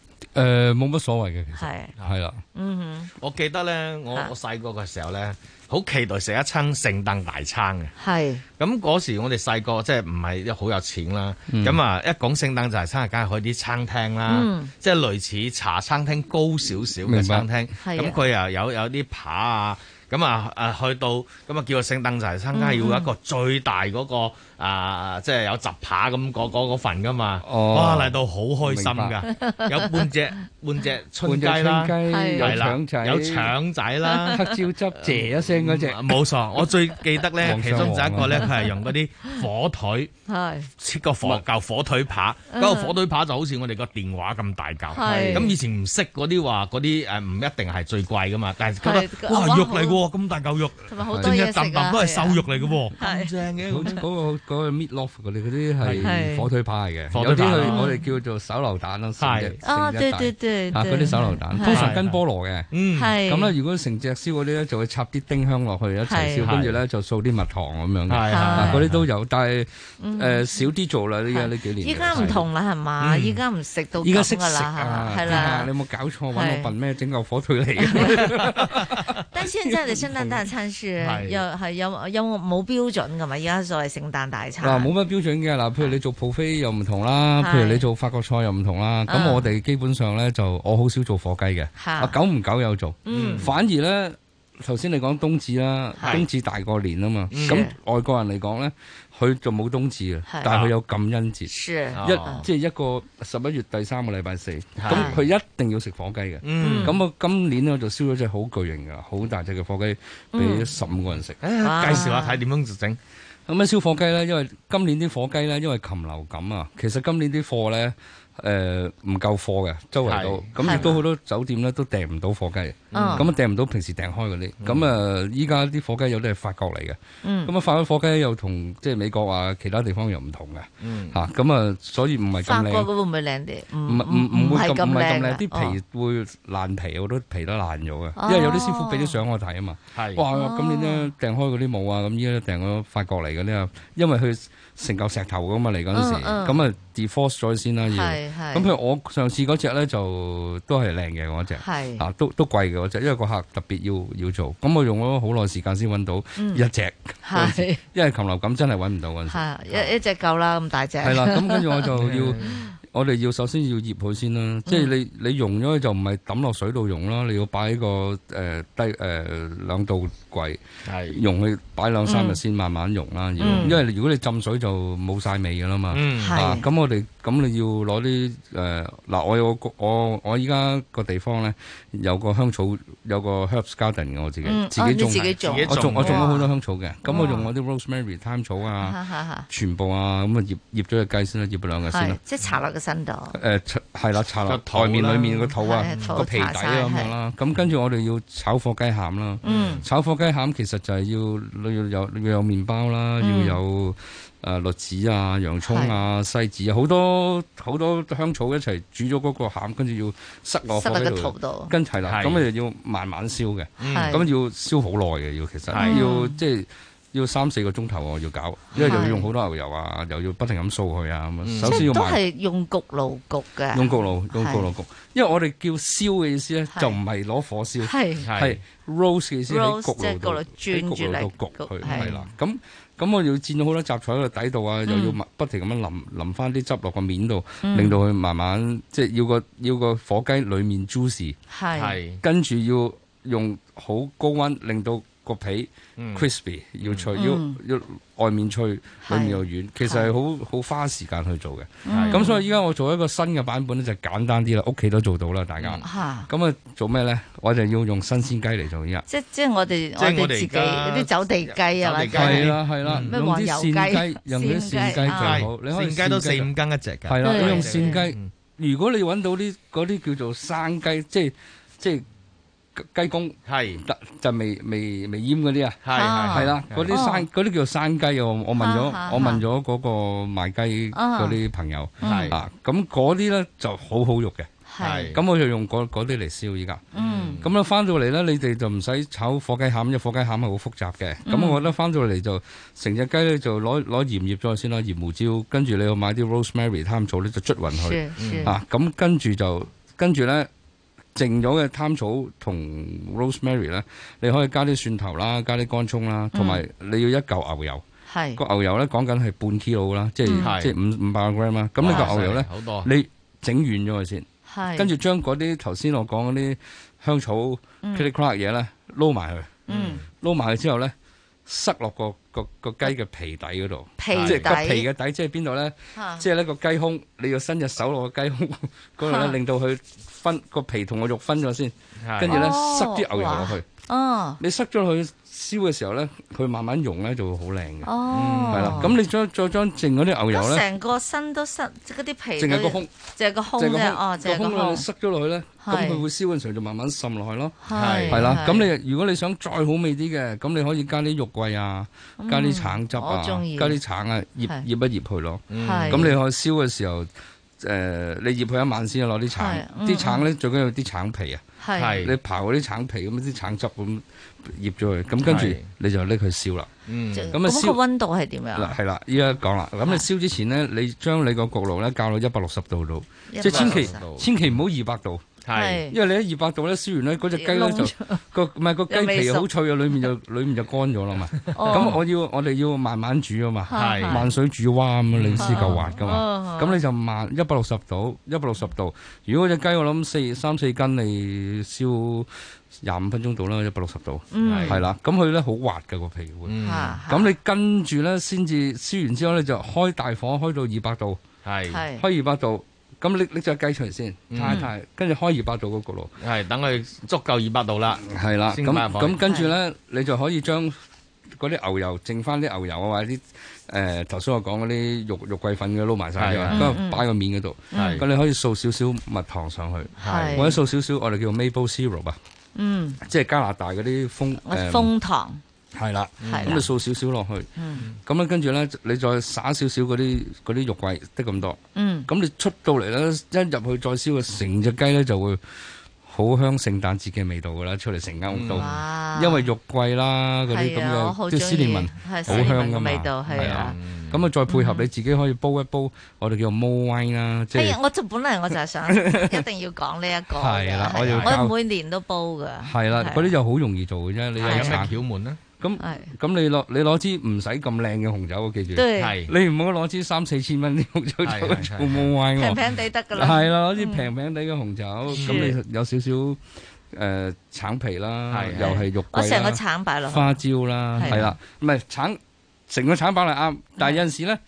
誒，冇乜、呃、所謂嘅，其實係係啦。是了嗯哼，我記得咧，我我細個嘅時候咧，好期待食一餐聖誕大餐嘅。係是。咁嗰時我哋細個即係唔係好有錢啦。咁啊、嗯，一講聖誕大餐，梗係去啲餐廳啦，嗯、即係類似茶餐廳高少少嘅餐廳。明白。咁佢又有有啲扒啊。咁啊，去到咁啊，叫個聖誕陣參係要一個最大嗰、那個啊、嗯嗯呃，即係有雜扒咁嗰嗰份噶嘛。哇、哦，嚟、哦、到好開心㗎，有半隻半隻春雞啦，係啦，有腸仔啦，黑椒汁謝一聲嗰隻。冇錯 (laughs) 、啊，我最記得咧、啊，其中就一個咧，佢係用嗰啲火腿，切個火嚿火腿扒，嗰、那個、火腿扒就好似我哋個電話咁大嚿。咁以前唔識嗰啲話嗰啲誒唔一定係最貴噶嘛，但係覺得哇，肉嚟喎！哇！咁大嚿肉，仲一啖啖都係瘦肉嚟嘅喎，正嘅。好似嗰個嗰個 meat loaf 嗰啲，嗰啲係火腿派嘅。有啲佢我哋叫做手榴彈咯，成隻哦，對對對，嗰啲手榴彈通常跟菠蘿嘅。咁如果成隻燒嗰啲就會插啲丁香落去一齊燒，跟住咧就掃啲蜜糖咁樣。嗰啲都有，但係誒少啲做啦。呢幾年，依家唔同啦，係嘛？依家唔食到，依家食嘅，係。你冇搞錯，搵我笨咩？整嚿火腿嚟？但聖誕大餐書又係有有冇冇標準噶嘛？而家所謂聖誕大餐嗱，冇乜標準嘅嗱。譬如你做普 u 又唔同啦，譬如你做法國菜又唔同啦。咁我哋基本上咧就，我好少做火雞嘅，久唔久有做，嗯、反而咧。頭先你講冬至啦，冬至大過年啊嘛，咁外國人嚟講咧，佢就冇冬至嘅，但係佢有感恩節，是一即係一個十一月第三個禮拜四，咁佢一定要食火雞嘅。咁我今年咧就燒咗隻好巨型嘅、好大隻嘅火雞俾十五個人食，介紹下睇點樣整。咁樣燒火雞咧，因為今年啲火雞咧，因為禽流感啊，其實今年啲貨咧。誒、呃、唔夠貨嘅，周圍都咁，亦都好多酒店咧都訂唔到火雞咁啊、嗯嗯、訂唔到平時訂開嗰啲，咁啊依家啲火雞有啲係法國嚟嘅，咁、嗯、啊法國火雞又同即係美國啊其他地方又唔同嘅，嚇、嗯、咁啊所以唔係咁靚。法國會唔會靚啲？唔唔唔會咁唔係咁靚，啲、哦、皮會爛皮，好多皮都爛咗嘅、哦，因為有啲師傅俾咗相我睇啊嘛，哇！今年咧、哦、訂開嗰啲冇啊，咁依家訂咗法國嚟嘅咧，因為佢。成嚿石頭咁嘛，嚟嗰陣時，咁啊 deforce 咗先啦，要咁譬如，我上次嗰隻咧就都係靚嘅嗰隻，啊都都貴嘅嗰隻，因為個客特別要要做，咁我用咗好耐時間先揾到一隻，因為禽流感真係揾唔到啊，一一隻夠啦咁大隻。係啦，咁跟住我就要，我哋要首先要醃佢先啦，即係你你用咗就唔係抌落水度用啦，你要擺喺個誒低誒兩度。貴，係溶去擺兩三日先，慢慢溶啦、嗯。因為如果你浸水就冇晒味嘅啦嘛。咁、嗯啊嗯、我哋咁你要攞啲誒嗱，我有我我依家個地方咧有個香草有個 herbs garden 嘅我自己、嗯、自己種、啊、自，己種，自己種，我種我種咗好多香草嘅。咁我用我啲 rosemary、啊、thyme 草啊，全部啊，咁、嗯、啊醃醃咗隻雞先啦，醃咗兩日先啦。即係搽落個身度。誒係啦，搽落台面裏面個肚啊，個皮底啊咁啦。咁跟住我哋要炒火雞餡啦，炒火。雞餡其實就係要要有要有麵包啦，要有誒栗子啊、洋葱啊、西子啊，好多好多香草一齊煮咗嗰個餡，跟住要塞落個肚度，跟齊啦，咁就要慢慢燒嘅，咁要燒好耐嘅要，其實要即係要三四個鐘頭啊，要搞，因為又要用好多牛油啊，又要不停咁掃佢啊，咁首先係都係用焗爐焗嘅，用焗爐用焗爐焗。因為我哋叫燒嘅意思咧，是就唔係攞火燒，係係 rose 嘅意思喺焗爐度 Rose, 焗佢，係啦。咁咁是我要煎到好多雜菜喺度底度啊，嗯、又要不停咁樣淋淋翻啲汁落個面度，嗯、令到佢慢慢即係要個要個火雞裡面 juicy，係是跟住要用好高溫令到。個皮 crispy 要脆要要外面脆裡面又軟，其實係好好花時間去做嘅。咁所以依家我做一個新嘅版本咧，就簡單啲啦，屋企都做到啦，大家。咁啊做咩咧？我就要用新鮮雞嚟做依家。即即係我哋我哋自己啲走地雞啊，係啦係啦，咩黃油雞、鮮雞最好。你鮮雞都四五斤一隻嘅。係啦，我用鮮雞。如果你揾到啲嗰啲叫做生雞，即即。雞公係得就是，未未未醃嗰啲啊，係係係啦，嗰啲山啲叫山雞我、啊、我問咗我問咗嗰個賣雞嗰啲朋友，啊咁嗰啲咧就好好肉嘅，係咁我就用嗰啲嚟燒依家，嗯，咁咧翻到嚟咧你哋就唔使炒火雞餡，因為火雞餡係好複雜嘅，咁、嗯、我覺得翻到嚟就成隻雞咧就攞攞鹽醃咗先啦，鹽胡椒，跟住你要買啲 rosemary thyme 草咧就捽匀佢，啊咁跟住就跟住咧。剩咗嘅貪草同 rosemary 咧，你可以加啲蒜頭啦，加啲乾葱啦，同埋你要一嚿牛油。係、嗯、個牛油咧，講緊係半 kilo 啦，即係即係五五百 gram 啊。咁呢個牛油咧，哇你整軟咗佢先，跟住將嗰啲頭先我講嗰啲香草，chili 啲 crack 嘢咧撈埋佢，撈埋佢之後咧。塞落個個個雞嘅皮底嗰度，即係個皮嘅底，即係邊度咧？是即係呢個雞胸，你要伸隻手落個雞胸嗰度咧， (laughs) 呢是令到佢分個皮同個肉分咗先，跟住咧塞啲牛油落去，啊、你塞咗佢。燒嘅時候咧，佢慢慢溶咧就會好靚嘅。哦，係啦。咁你將再將剩嗰啲牛油咧，成個身都塞即嗰啲皮。淨係個胸。淨係個胸啫。哦，淨係個胸。個胸塞咗落去咧，咁佢會燒嘅時候就慢慢滲落去咯。係係啦。咁你如果你想再好味啲嘅，咁你可以加啲肉桂啊，加啲橙汁啊，加啲橙啊，醃醃一醃佢咯。咁你去燒嘅時候，誒，你醃佢一晚先，攞啲橙。啲橙咧，最緊要啲橙皮啊。係是你刨嗰啲橙皮，咁啲橙汁，咁醃咗佢，咁是跟住你就拎佢燒啦。嗯，咁、嗯那個溫度係點樣？嗱，係啦，依家講啦。咁你燒之前咧，是你將你個焗爐咧校到一百六十度 160 度，即係千祈千祈唔好二百度。嗯。係，因為你喺二百度咧燒完咧，嗰隻雞咧就個唔係個雞皮好脆啊，裏面就裏面就乾咗啦嘛。咁我要我哋要慢慢煮啊嘛，係慢水煮彎咁，你先夠滑噶嘛。咁你就慢一百六十度，一百六十度。如果隻雞我諗四三四斤，你燒廿五分鐘到啦，一百六十度，係啦。咁佢咧好滑嘅個皮會。咁你跟住咧先至燒完之後咧就開大火開到二百度，係開二百度。咁拎搦隻雞出嚟先，攤一攤，跟住開二百度嗰個爐，係等佢足夠二百度啦，係啦。咁咁跟住咧，你就可以將嗰啲牛油，剩翻啲牛油啊，或者啲誒頭先我講嗰啲肉肉桂粉嘅撈埋晒，咁擺個面嗰度，咁你可以掃少少蜜糖上去，或者掃少少我哋叫 maple syrup 啊，嗯，即係加拿大嗰啲蜂蜂糖，係啦，咁你掃少少落去，咁咧跟住咧，你再撒少少嗰啲啲肉桂，得咁多，咁你出到嚟咧，一入去再燒，成隻雞咧就會好香聖誕節嘅味道噶啦，出嚟成間屋都，因為肉桂啦嗰啲咁嘅，即係思念文，好香嘅味道，係啊，咁啊再配合你自己可以煲一煲，我哋叫 mo wine 啦，即係我就本嚟我就係想一定要講呢一個，係啦，我每年都煲噶，係啦，嗰啲就好容易做嘅啫，你有咩竅門咧？咁咁你攞你攞支唔使咁靚嘅紅酒啊，記住，係你唔好攞支三四千蚊啲 (laughs) (laughs) 紅酒，平平地得㗎啦。係啦，攞支平平地嘅紅酒，咁你有少少誒、呃、橙皮啦，係又係肉桂成個橙擺落花椒啦，係啦，唔係橙成個橙擺落啱，但係有陣時咧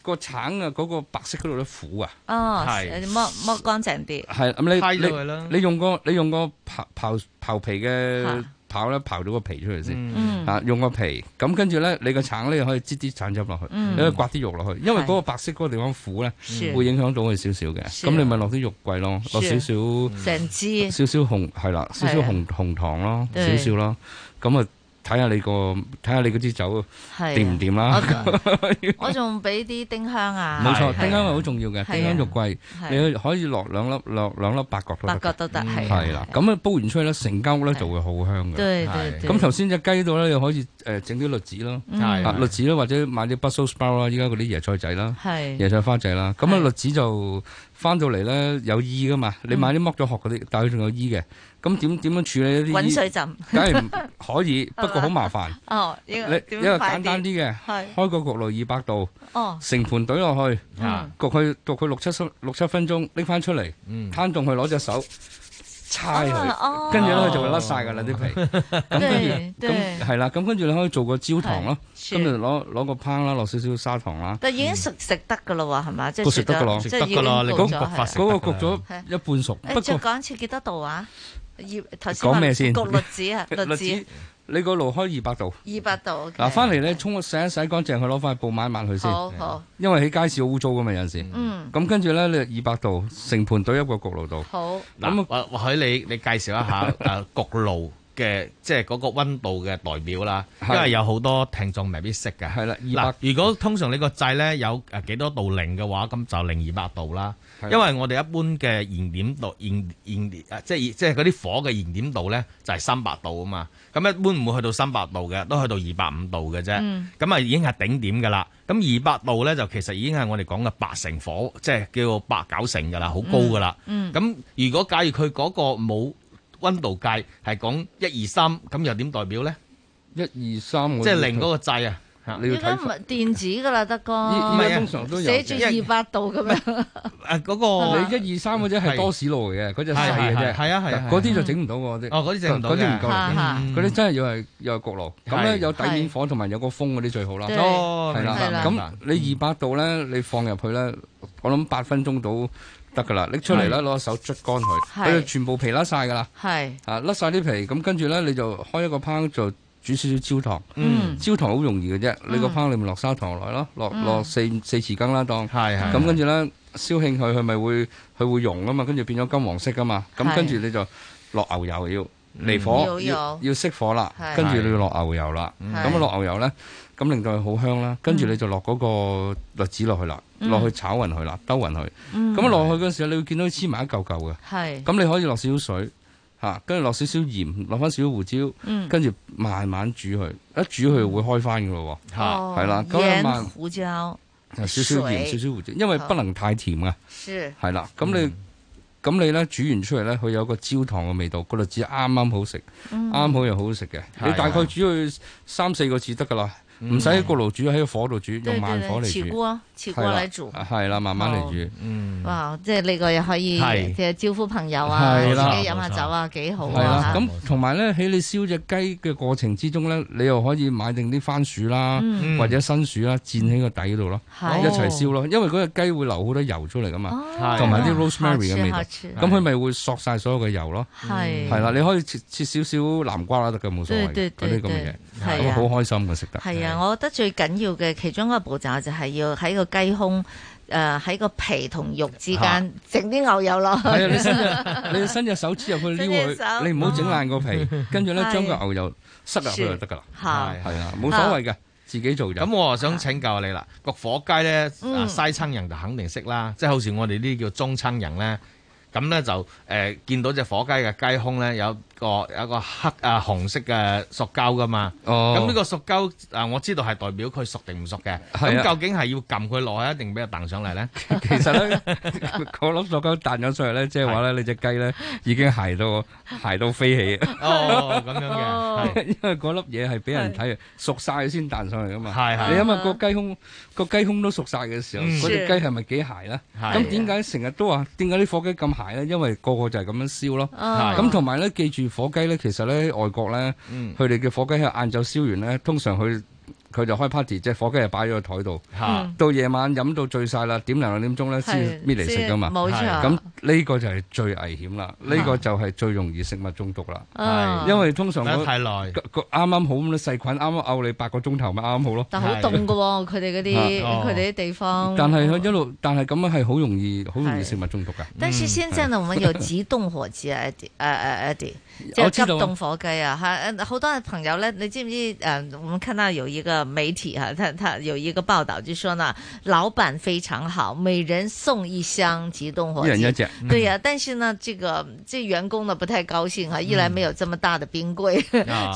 個橙嘅嗰個白色嗰度都苦啊，係、哦，剝剝乾淨啲。係，咁你你，你，你用個你用個刨刨刨皮嘅。刨咧刨咗個皮出嚟先，嚇、嗯啊、用個皮，咁跟住咧你個橙咧可以擠啲橙汁落去，你可以刮啲肉落去，因為嗰個白色嗰個地方苦咧，嗯、會影響到佢少少嘅。咁是你咪落啲肉桂咯，落少少成支，少少紅係、嗯、啦，少少紅、啊、紅糖咯，少少咯，咁啊對。睇下你個睇下你嗰支酒掂唔掂啦。是啊行行啊、我仲俾啲丁香啊沒。冇錯，啊，丁香係好重要嘅，啊，丁香肉桂，啊，你可以落兩粒落兩粒八角都得。八角都得係。係、嗯、啦，咁啊，啊，啊，啊煲完出去，咧，成間屋咧就會好香嘅。對，咁頭先隻雞度咧，又可以誒整啲栗子咯，啊，啊栗子咧，或者買啲 Brussels sprout 依家嗰啲椰菜仔啦，啊，椰菜花仔啦。咁啊栗子就翻到嚟咧有衣㗎嘛，你買啲剝咗殼啲，嗯，但係佢仲有衣嘅。咁點點樣處理一啲？滾水浸，梗係唔可以， (laughs) 不過好麻煩。哦，你一個簡單啲嘅，開個焗爐二百度，成、哦、盤堆落去、嗯、去，焗佢焗佢六七分六七分鐘，拎翻出嚟，攤凍佢攞隻手去，猜、哦、佢，跟住咧就會甩晒㗎啦啲皮。咁跟住，咁係啦。咁跟住你可以做個焦糖咯，跟住攞攞個烹啦，落少少砂糖啦、嗯。但已經熟食得㗎咯，係、嗯、嘛？即係食得，即係已經焗咗。你個焗法熟，嗰個焗咗一半熟。你、欸、再講一次幾多度啊？頭先講咩先，焗栗子啊，栗子， (laughs) 栗子，你個爐開二百度。二百度嗱，翻嚟咧，衝洗一洗乾淨，佢攞翻去布抹一抹。佢先。好好。因為喺街市好污糟噶嘛，有時。嗯。咁、嗯、跟住咧，你二百度，成盤對一個焗爐度。好。咁或許你你介紹一下焗爐嘅 (laughs) 即係嗰個温度嘅代表啦，因為有好多聽眾未必識㗎。係啦，二百。如果通常你個掣咧有誒幾多度零嘅話，咁就零二百度啦。因為我哋一般嘅燃點度燃燃，即係即係嗰啲火嘅燃點度咧，就係三百度啊嘛。咁一般唔會去到三百度嘅，都去到二百五度嘅啫。咁、嗯、啊已經係頂點噶啦。咁二百度咧就其實已經係我哋講嘅八成火，即係叫做八九成噶啦，好高噶啦。咁、嗯嗯、如果假如佢嗰個冇温度計，係講一二三，咁又點代表咧？一二三，即係零嗰個掣啊！嗱，你而家咪電子㗎啦，德哥。唔係，通常都有。寫住二百度咁樣。誒，嗰個你一二三嗰隻係多士爐嚟嘅，嗰隻細嘅啫。係啊係。嗰啲就整唔到嗰啲。哦，嗰啲整唔到嘅。嗰啲唔夠力。嗰啲真係要係有焗爐。咁咧有底面火同埋有個風嗰啲最好啦。係啦。係啦。咁你二百度咧，你放入去咧，我諗八分鐘到得㗎啦。拎出嚟咧，攞手捽乾佢，佢就全部皮甩曬㗎啦。係。啊，甩曬啲皮，咁跟住咧你就開一個烹做。煮少少焦糖，焦糖好容易嘅啫。你個烹你咪落砂糖來咯，落落四四匙羹啦，當咁跟住咧燒慶佢，佢咪會佢會溶啊嘛，跟住變咗金黃色噶嘛。咁跟住你就落牛油要離火要熄火啦，跟住你要落牛油啦。咁啊落牛油咧，咁令到佢好香啦。跟住你就落嗰個栗子落去啦，落去炒匀佢啦，兜匀佢。咁落去嗰時你會見到黐埋一嚿嚿嘅，咁你可以落少少水。吓，跟住落少少鹽，落翻少少胡椒，跟、嗯、住慢慢煮佢，一煮佢會開翻噶咯。吓、哦，係啦，咁、嗯、慢，胡椒，有少少鹽，少少胡椒，因為不能太甜啊。是。係啦，咁、嗯、你咁你咧煮完出嚟咧，佢有個焦糖嘅味道，嗰度只啱啱好食，啱、嗯、好又好食嘅。你大概煮佢三四個字得噶啦，唔使喺焗爐煮，喺個火度煮，用慢火嚟煮。對對對切過來煮，係啦，慢慢嚟煮，哦嗯。哇，即係呢個又可以即係招呼朋友啊，自己飲下酒啊，幾好啊！咁同埋咧，喺、嗯、你燒隻雞嘅過程之中咧，你又可以買定啲番薯啦、嗯，或者新薯啦，墊喺個底度咯，嗯，一齊燒咯，哦。因為嗰隻雞會流好多油出嚟噶嘛，同埋啲 rosemary 嘅味道，咁佢咪會索晒所有嘅油咯。係，係、嗯、啦，你可以切少少南瓜啦，得嘅，都冇所謂嗰啲咁嘅嘢。咁好開心嘅食得。係啊，我覺得最緊要嘅其中一個步驟就係要喺個雞胸，誒喺個皮同肉之間整啲牛油囉。係啊， (laughs) 你伸隻你伸隻手指入去撩佢，你唔好整爛個皮。跟住咧，將個牛油塞入去就得噶啦。係啊，冇所謂嘅，自己做就。咁我啊想請教你啦，個火雞咧，西餐人就肯定識啦、嗯。即係好似我哋呢啲叫中餐人咧，咁咧就誒、呃、見到隻火雞嘅雞胸咧有。有一,一個黑啊、呃、紅色嘅塑膠噶嘛，咁、哦、呢個塑膠啊、呃、我知道係代表佢熟定唔熟嘅，咁、啊、究竟係要撳佢落去，一定俾佢彈上嚟咧？其實咧，嗰 (laughs) 粒塑膠彈咗上嚟咧，即係話咧，你隻雞咧已經鞋到鞋到飛起哦哦哦哦，哦咁樣嘅， (laughs) 因為嗰粒嘢係俾人睇熟晒先彈上嚟噶嘛，係係，你諗下個雞胸個雞胸都熟晒嘅時候，嗰、嗯、隻雞係咪幾鞋咧？咁點解成日都話點解啲火雞咁鞋咧？因為個個就係咁樣燒咯，咁同埋咧，記住。火雞咧，其實咧外國咧，佢哋嘅火雞喺晏晝燒完咧，通常佢佢就開 party，即係火雞就擺咗喺枱度，到夜晚飲到醉晒啦，點兩兩點鐘咧先搣嚟食㗎嘛，冇錯，咁呢個就係最危險啦，呢個就係最容易食物中毒啦，因為通常太耐，啱啱好咁啲細菌啱啱咬你八個鐘頭咪啱啱好咯，但好凍㗎喎，佢哋嗰啲佢哋啲地方，但係佢一路但係咁樣係好容易好容易食物中毒㗎。但是先在我們有即凍火雞啊 Eddy 即係急凍火雞啊吓！好、哦啊、多朋友咧，你知唔知誒、啊？我們看到有一個媒體他他、啊、有一個報道，就說呢，老闆非常好，每人送一箱急凍火雞。 (laughs) 對呀、啊。但是呢，這個這員工呢，不太高興、啊嗯、一來沒有這麼大的冰櫃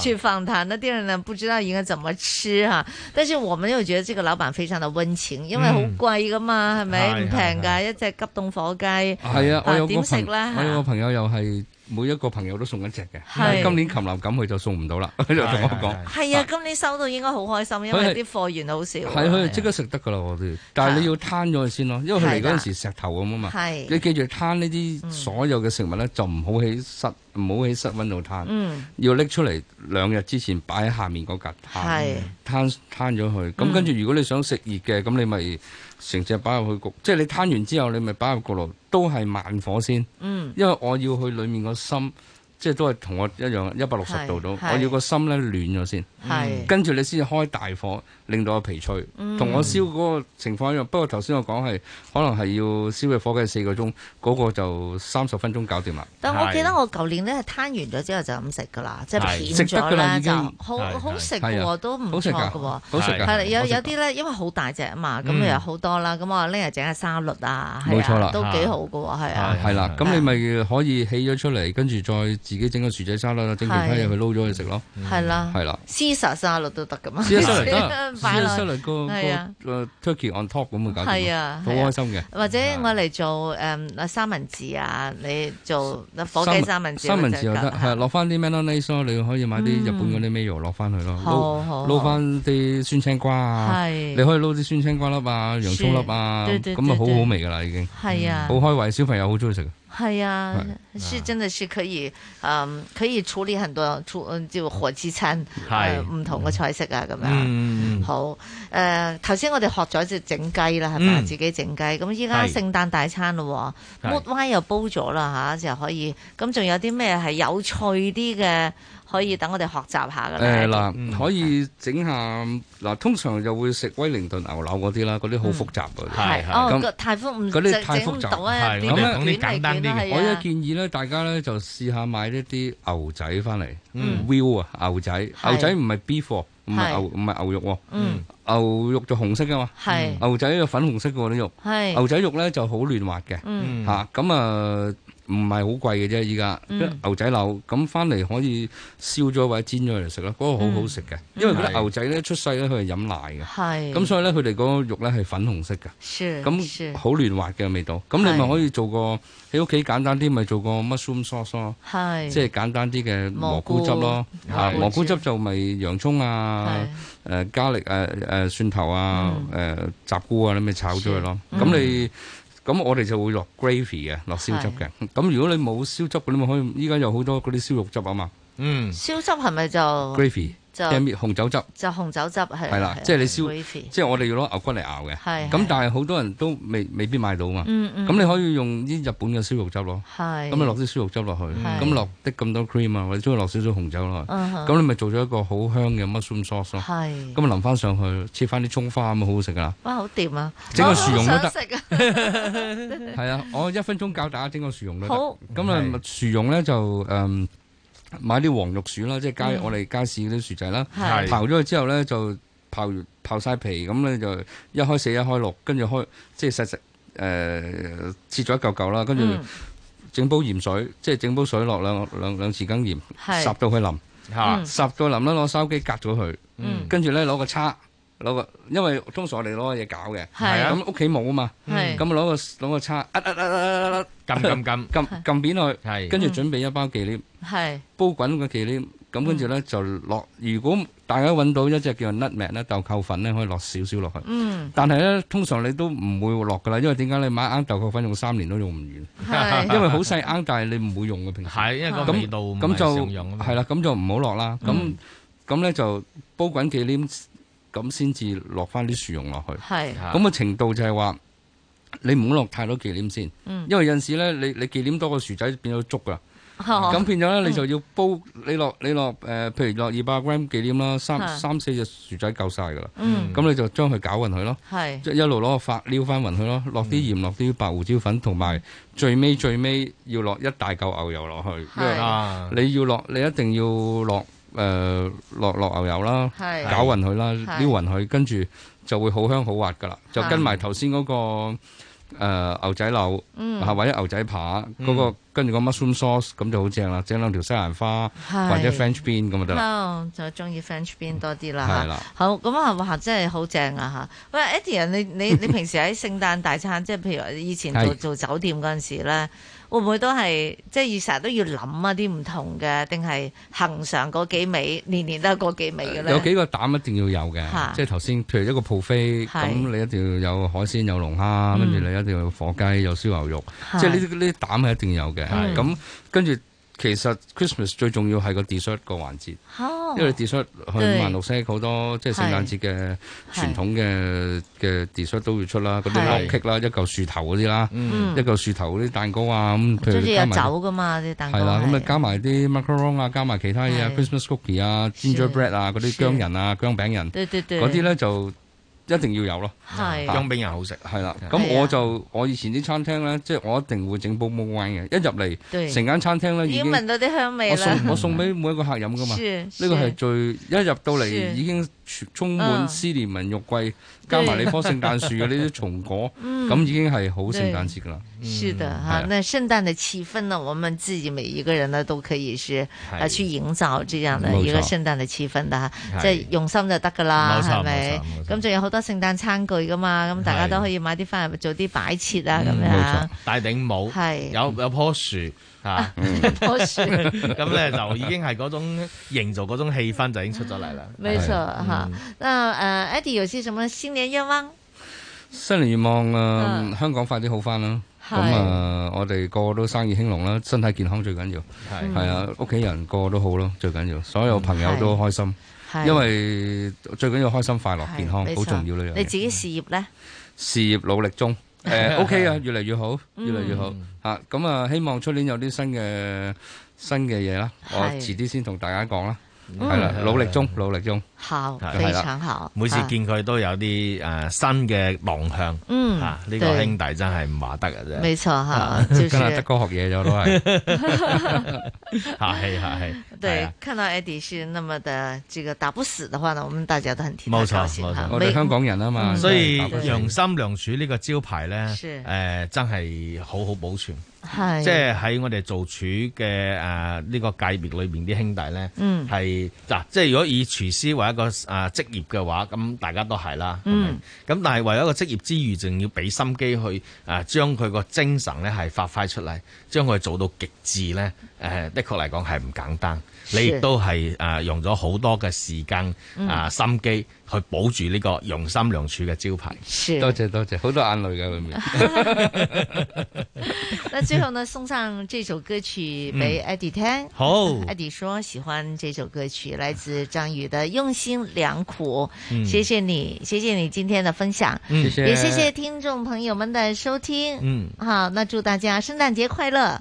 去放它，那第二呢，不知道應該怎麼吃哈、啊。但是我們又覺得這個老闆非常的温情，因為好貴噶嘛，係咪唔平噶一隻急凍火雞。係啊，啊，啊，啊，我有個朋友、啊、我點食呢，我有個朋友又係。每一個朋友都送一隻嘅。今年禽流感佢就送唔到啦。佢 (laughs) 就同我講，係啊，今年收到應該好開心，因為啲貨源好少。係佢即刻食得噶啦，我哋。但係你要攤咗佢先咯，因為佢嚟嗰陣時石頭咁啊嘛。係，你記住攤呢啲所有嘅食物咧，就唔好喺室唔好喺室溫度攤。嗯，要拎出嚟兩日之前擺喺下面嗰格攤，攤攤咗佢。咁跟住如果你想食熱嘅，咁你咪。成隻擺入去焗，即係你攤完之後，你咪擺入焗爐，都係慢火先。嗯，因為我要去裏面個心。即係都係同我一樣一百六十度到，我要個心咧暖咗先，跟住你先要開大火，令到個皮脆，同我燒嗰個情況一樣。不過頭先我講係可能係要燒嘅火雞四個鐘，嗰個就三十分鐘搞掂啦。但我記得我舊年咧係攤完咗之後就噉食㗎啦，即係片食咗咧就好好食嘅喎，都唔錯嘅喎，係啊，有有啲咧因為好大隻啊嘛，咁咪有好多啦。咁我拎嚟整下沙律啊，冇錯啦，都幾好嘅喎，係啊，係啦，咁你咪可以起咗出嚟，跟住再。自己整個薯仔沙律啦，整其他嘢去撈咗去食咯。係啦，係啦，絲沙沙律都得噶嘛。絲沙律擺落絲沙律，個 turkey on top 咁嘅感覺，係啊，好開心嘅。或者我嚟做誒三文治啊，你做火雞三文治，三文治又得，係落翻啲 mayonnaise 囉你可以買啲日本嗰啲 mayo 落翻去咯，撈撈翻啲酸青瓜啊，你可以撈啲酸青瓜粒啊、洋葱粒啊，咁啊好好味噶啦已經，係啊，好開胃，小朋友好中意食。係啊，是真係是可以是，啊，嗯，可以處理很多，出就火雞餐，唔、呃、同嘅菜式啊咁樣，嗯。好，誒、呃，頭先我哋學咗只整雞啦，係、嗯、嘛，自己整雞。咁依家聖誕大餐咯，木瓜又煲咗啦吓，就可以。咁仲有啲咩係有趣啲嘅？可以等我哋學習下噶啦。嗱、嗯，可以整下嗱、嗯，通常就會食威靈頓牛柳嗰啲啦，嗰啲好複雜嗰啲咁太複雜。嗰咁啲簡單啲嘅，我一建議咧，大家咧就試下買一啲牛仔翻嚟，veal 啊，牛仔。牛仔唔係 beef，唔係牛，唔係牛肉。喎、嗯。牛肉就紅色嘅嘛。牛仔就粉紅色嘅啲肉。牛仔肉咧就好嫩滑嘅。咁、嗯、啊！嗯啊唔係好貴嘅啫，依家、嗯、牛仔柳咁翻嚟可以燒咗或者煎咗嚟食啦，嗰、個好好食嘅。因為嗰牛仔咧出世咧佢係飲奶嘅，咁所以咧佢哋嗰肉咧係粉紅色嘅，咁好嫩滑嘅味道。咁你咪可以做個喺屋企簡單啲，咪做個 mushroom sauce，即係簡單啲嘅蘑菇汁咯。嚇蘑，蘑菇汁就咪洋葱啊，誒、呃、加力誒誒、呃呃、蒜頭啊，誒、嗯呃、雜菇啊，你咪炒咗佢咯。咁、嗯、你噉我哋就會落 gravy 嘅，落燒汁嘅。噉如果你冇燒汁嘅，你咪可以，而家有好多嗰啲燒肉汁啊嘛。嗯，燒汁係咪就 gravy？就，就紅酒汁，就紅酒汁係。係啦，即係你燒，係即係我哋要攞牛骨嚟熬嘅。咁但係好多人都未未必買到嘛。咁、嗯嗯、你可以用啲日本嘅燒肉汁咯。咁你落啲燒肉汁落、嗯、去，咁落啲咁多 cream 啊，或者中意落少少紅酒咯。嗯咁你咪做咗一個好香嘅 mushroom sauce 咯。咁啊淋翻上去，切翻啲葱花咁好好食噶啦。哇！好掂啊。整個薯蓉都得。食啊！係 (laughs) 啊， (laughs) 我一分鐘教大家整個薯蓉都得。咁啊，薯蓉咧就誒。嗯買啲黃肉薯啦，即係街、嗯、我哋街市嗰啲薯仔啦是，刨咗佢之後咧就刨完刨晒皮，咁咧就一開四一開六，跟住開即係細食誒切咗一嚿嚿啦，跟住整煲鹽水，即係整煲水落兩兩兩匙羹鹽，十是到去淋嚇，霎是到淋啦，攞砂煲隔咗佢，跟住咧攞個叉。攞個，因為通常我哋攞嘢搞嘅，咁屋企冇啊嘛，咁攞個攞個叉，撳撳撳撳撳撳撳撳扁落去，跟住準備一包忌廉，煲滾個忌廉，咁跟住咧就落。如果大家揾到一隻叫 Nutmeg 咧豆蔻粉咧，可以落少少落去。嗯，但係咧通常你都唔會落噶啦，因為點解你買啱豆蔻粉用三年都用唔完，因為好細罌，但係你唔會用嘅。平時係因為個味道唔係常用。係啦，咁就唔好落啦。咁咁咧就煲滾忌廉。咁先至落翻啲薯蓉落去，咁嘅程度就係話你唔好落太多忌廉先，嗯、因為有陣時咧，你你忌廉多個薯仔變咗粥㗎。咁、嗯、變咗咧你就要煲你落你落、呃、譬如落二百 gram 忌廉啦，三三四隻薯仔夠晒㗎啦，咁、嗯、你就將佢攪勻佢咯，一路攞個發撩翻勻佢咯，落啲鹽，落啲白胡椒粉，同埋最尾最尾要落一大嚿牛油落去，啊，你要落你一定要落。誒、呃、落落牛油啦，攪勻佢啦，撩勻佢，跟住是就會好香好滑噶啦，是就跟埋頭先嗰個、呃、牛仔柳，嗯、或者牛仔扒嗰、嗯嗰個。跟住個 mushroom sauce 咁就好正啦，整兩條西蘭花或者 french bean 咁就得啦，oh, 就中意 french bean 多啲啦係啦，好咁啊，哇！真係好正啊喂 e d d i a 你你你平時喺聖誕大餐，即 (laughs) 係譬如以前做做酒店嗰陣時咧，會唔會都係即係以成日都要諗一啲唔同嘅，定係行常嗰幾味，年年都係嗰幾味嘅咧？有幾個膽一定要有嘅，即係頭先譬如一個 p o 咁你一定要有海鮮、有龍蝦，跟、嗯、住你一定要有火雞、有燒牛肉，即係呢啲呢啲膽係一定有嘅。係咁、嗯嗯，跟住其實 Christmas 最重要係個 dessert 個環節，哦、因為 dessert 去五萬六星好多，即係聖誕節嘅傳統嘅嘅 dessert 都會出啦，嗰啲裝飾啦，一嚿樹頭嗰啲啦，一嚿樹頭嗰啲蛋糕啊，咁譬如加埋酒㗎嘛啲蛋糕，係、嗯、啦，咁啊加埋啲 macaron 啊，那加埋其他嘢，Christmas 啊 cookie 啊，gingerbread 啊，嗰啲薑人啊，薑餅人，嗰啲咧就。一定要有咯、啊，薑餅人好食，係啦、啊。咁、啊、我就我以前啲餐廳咧，即係我一定會整煲 mulled wine 嘅。一入嚟，成間餐廳咧已經要聞到啲香味，我送、嗯啊、我送俾每一個客人噶嘛，呢、這個係最一入到嚟已經。充滿思念、文玉桂，嗯、加埋你的棵聖誕樹嘅呢啲松果，咁、嗯、已經係好聖誕節噶啦。是的，吓、啊啊，那聖誕的氣氛呢，我們自己每一個人呢都可以是，是、啊、去營造這樣的一個聖誕的氣氛的，即、就是、用心就得噶啦，係咪？咁仲有好多聖誕餐具噶嘛，咁、嗯、大家都可以買啲翻嚟做啲擺設啊，咁、嗯、樣。戴頂帽係有有棵樹。咁、啊、咧、嗯、 (laughs) 就已經係嗰種營造嗰種氣氛就已經出咗嚟啦。冇錯吓，誒、嗯 uh，Eddy 有啲什麼新年願望？新年願望啊，啊，香港快啲好翻啦。咁啊，我哋個個都生意興隆啦，身體健康最緊要。係啊，屋、嗯、企人個個都好咯，最緊要。所有朋友都開心，因為最緊要開心快樂健康好重要啦。你自己事業咧、嗯？事業努力中。誒、 (laughs) 呃、OK 啊，越嚟越好，越嚟越好吓，咁、嗯、啊，希望出年有啲新嘅新嘅嘢啦，我遲啲先同大家講啦。係、嗯、啦，努力中，努力中，好，非常好。每次見佢都有啲誒、啊啊、新嘅望向，嗯，啊，呢、這個兄弟真係唔話得嘅，啫。冇錯吓，跟德哥學嘢咗都係，客氣客氣。對，對、啊，看到 Eddy 是那麼的這個打不死的話呢，我們大家都很提心，冇錯、啊。我哋香港人啊嘛、嗯，所以用心梁廚呢個招牌咧，誒、呃，真係好好保存。係即係喺我哋做廚嘅誒呢個界別裏面啲兄弟咧，係、嗯、嗱、啊，即係如果以廚師為一個誒職業嘅話，咁大家都係啦。咁、嗯、但係為一個職業之餘，仲要俾心機去誒將佢個精神咧係發揮出嚟，將佢做到極致咧，誒、嗯呃、的確嚟講係唔簡單。你亦都係用咗好多嘅時間、嗯、啊心機去保住呢個用心梁廚嘅招牌。多謝多謝，好多，多眼淚嘅裏面。 (laughs) (laughs) (laughs) 那最後呢，送上這首歌曲俾 Eddie 聽。好，Eddie、嗯、說喜歡這首歌曲，來自張宇的用心良苦、嗯。謝謝你，謝謝你今天的分享，嗯、也謝謝聽眾朋友們的收聽。嗯，好，那祝大家聖誕節快樂。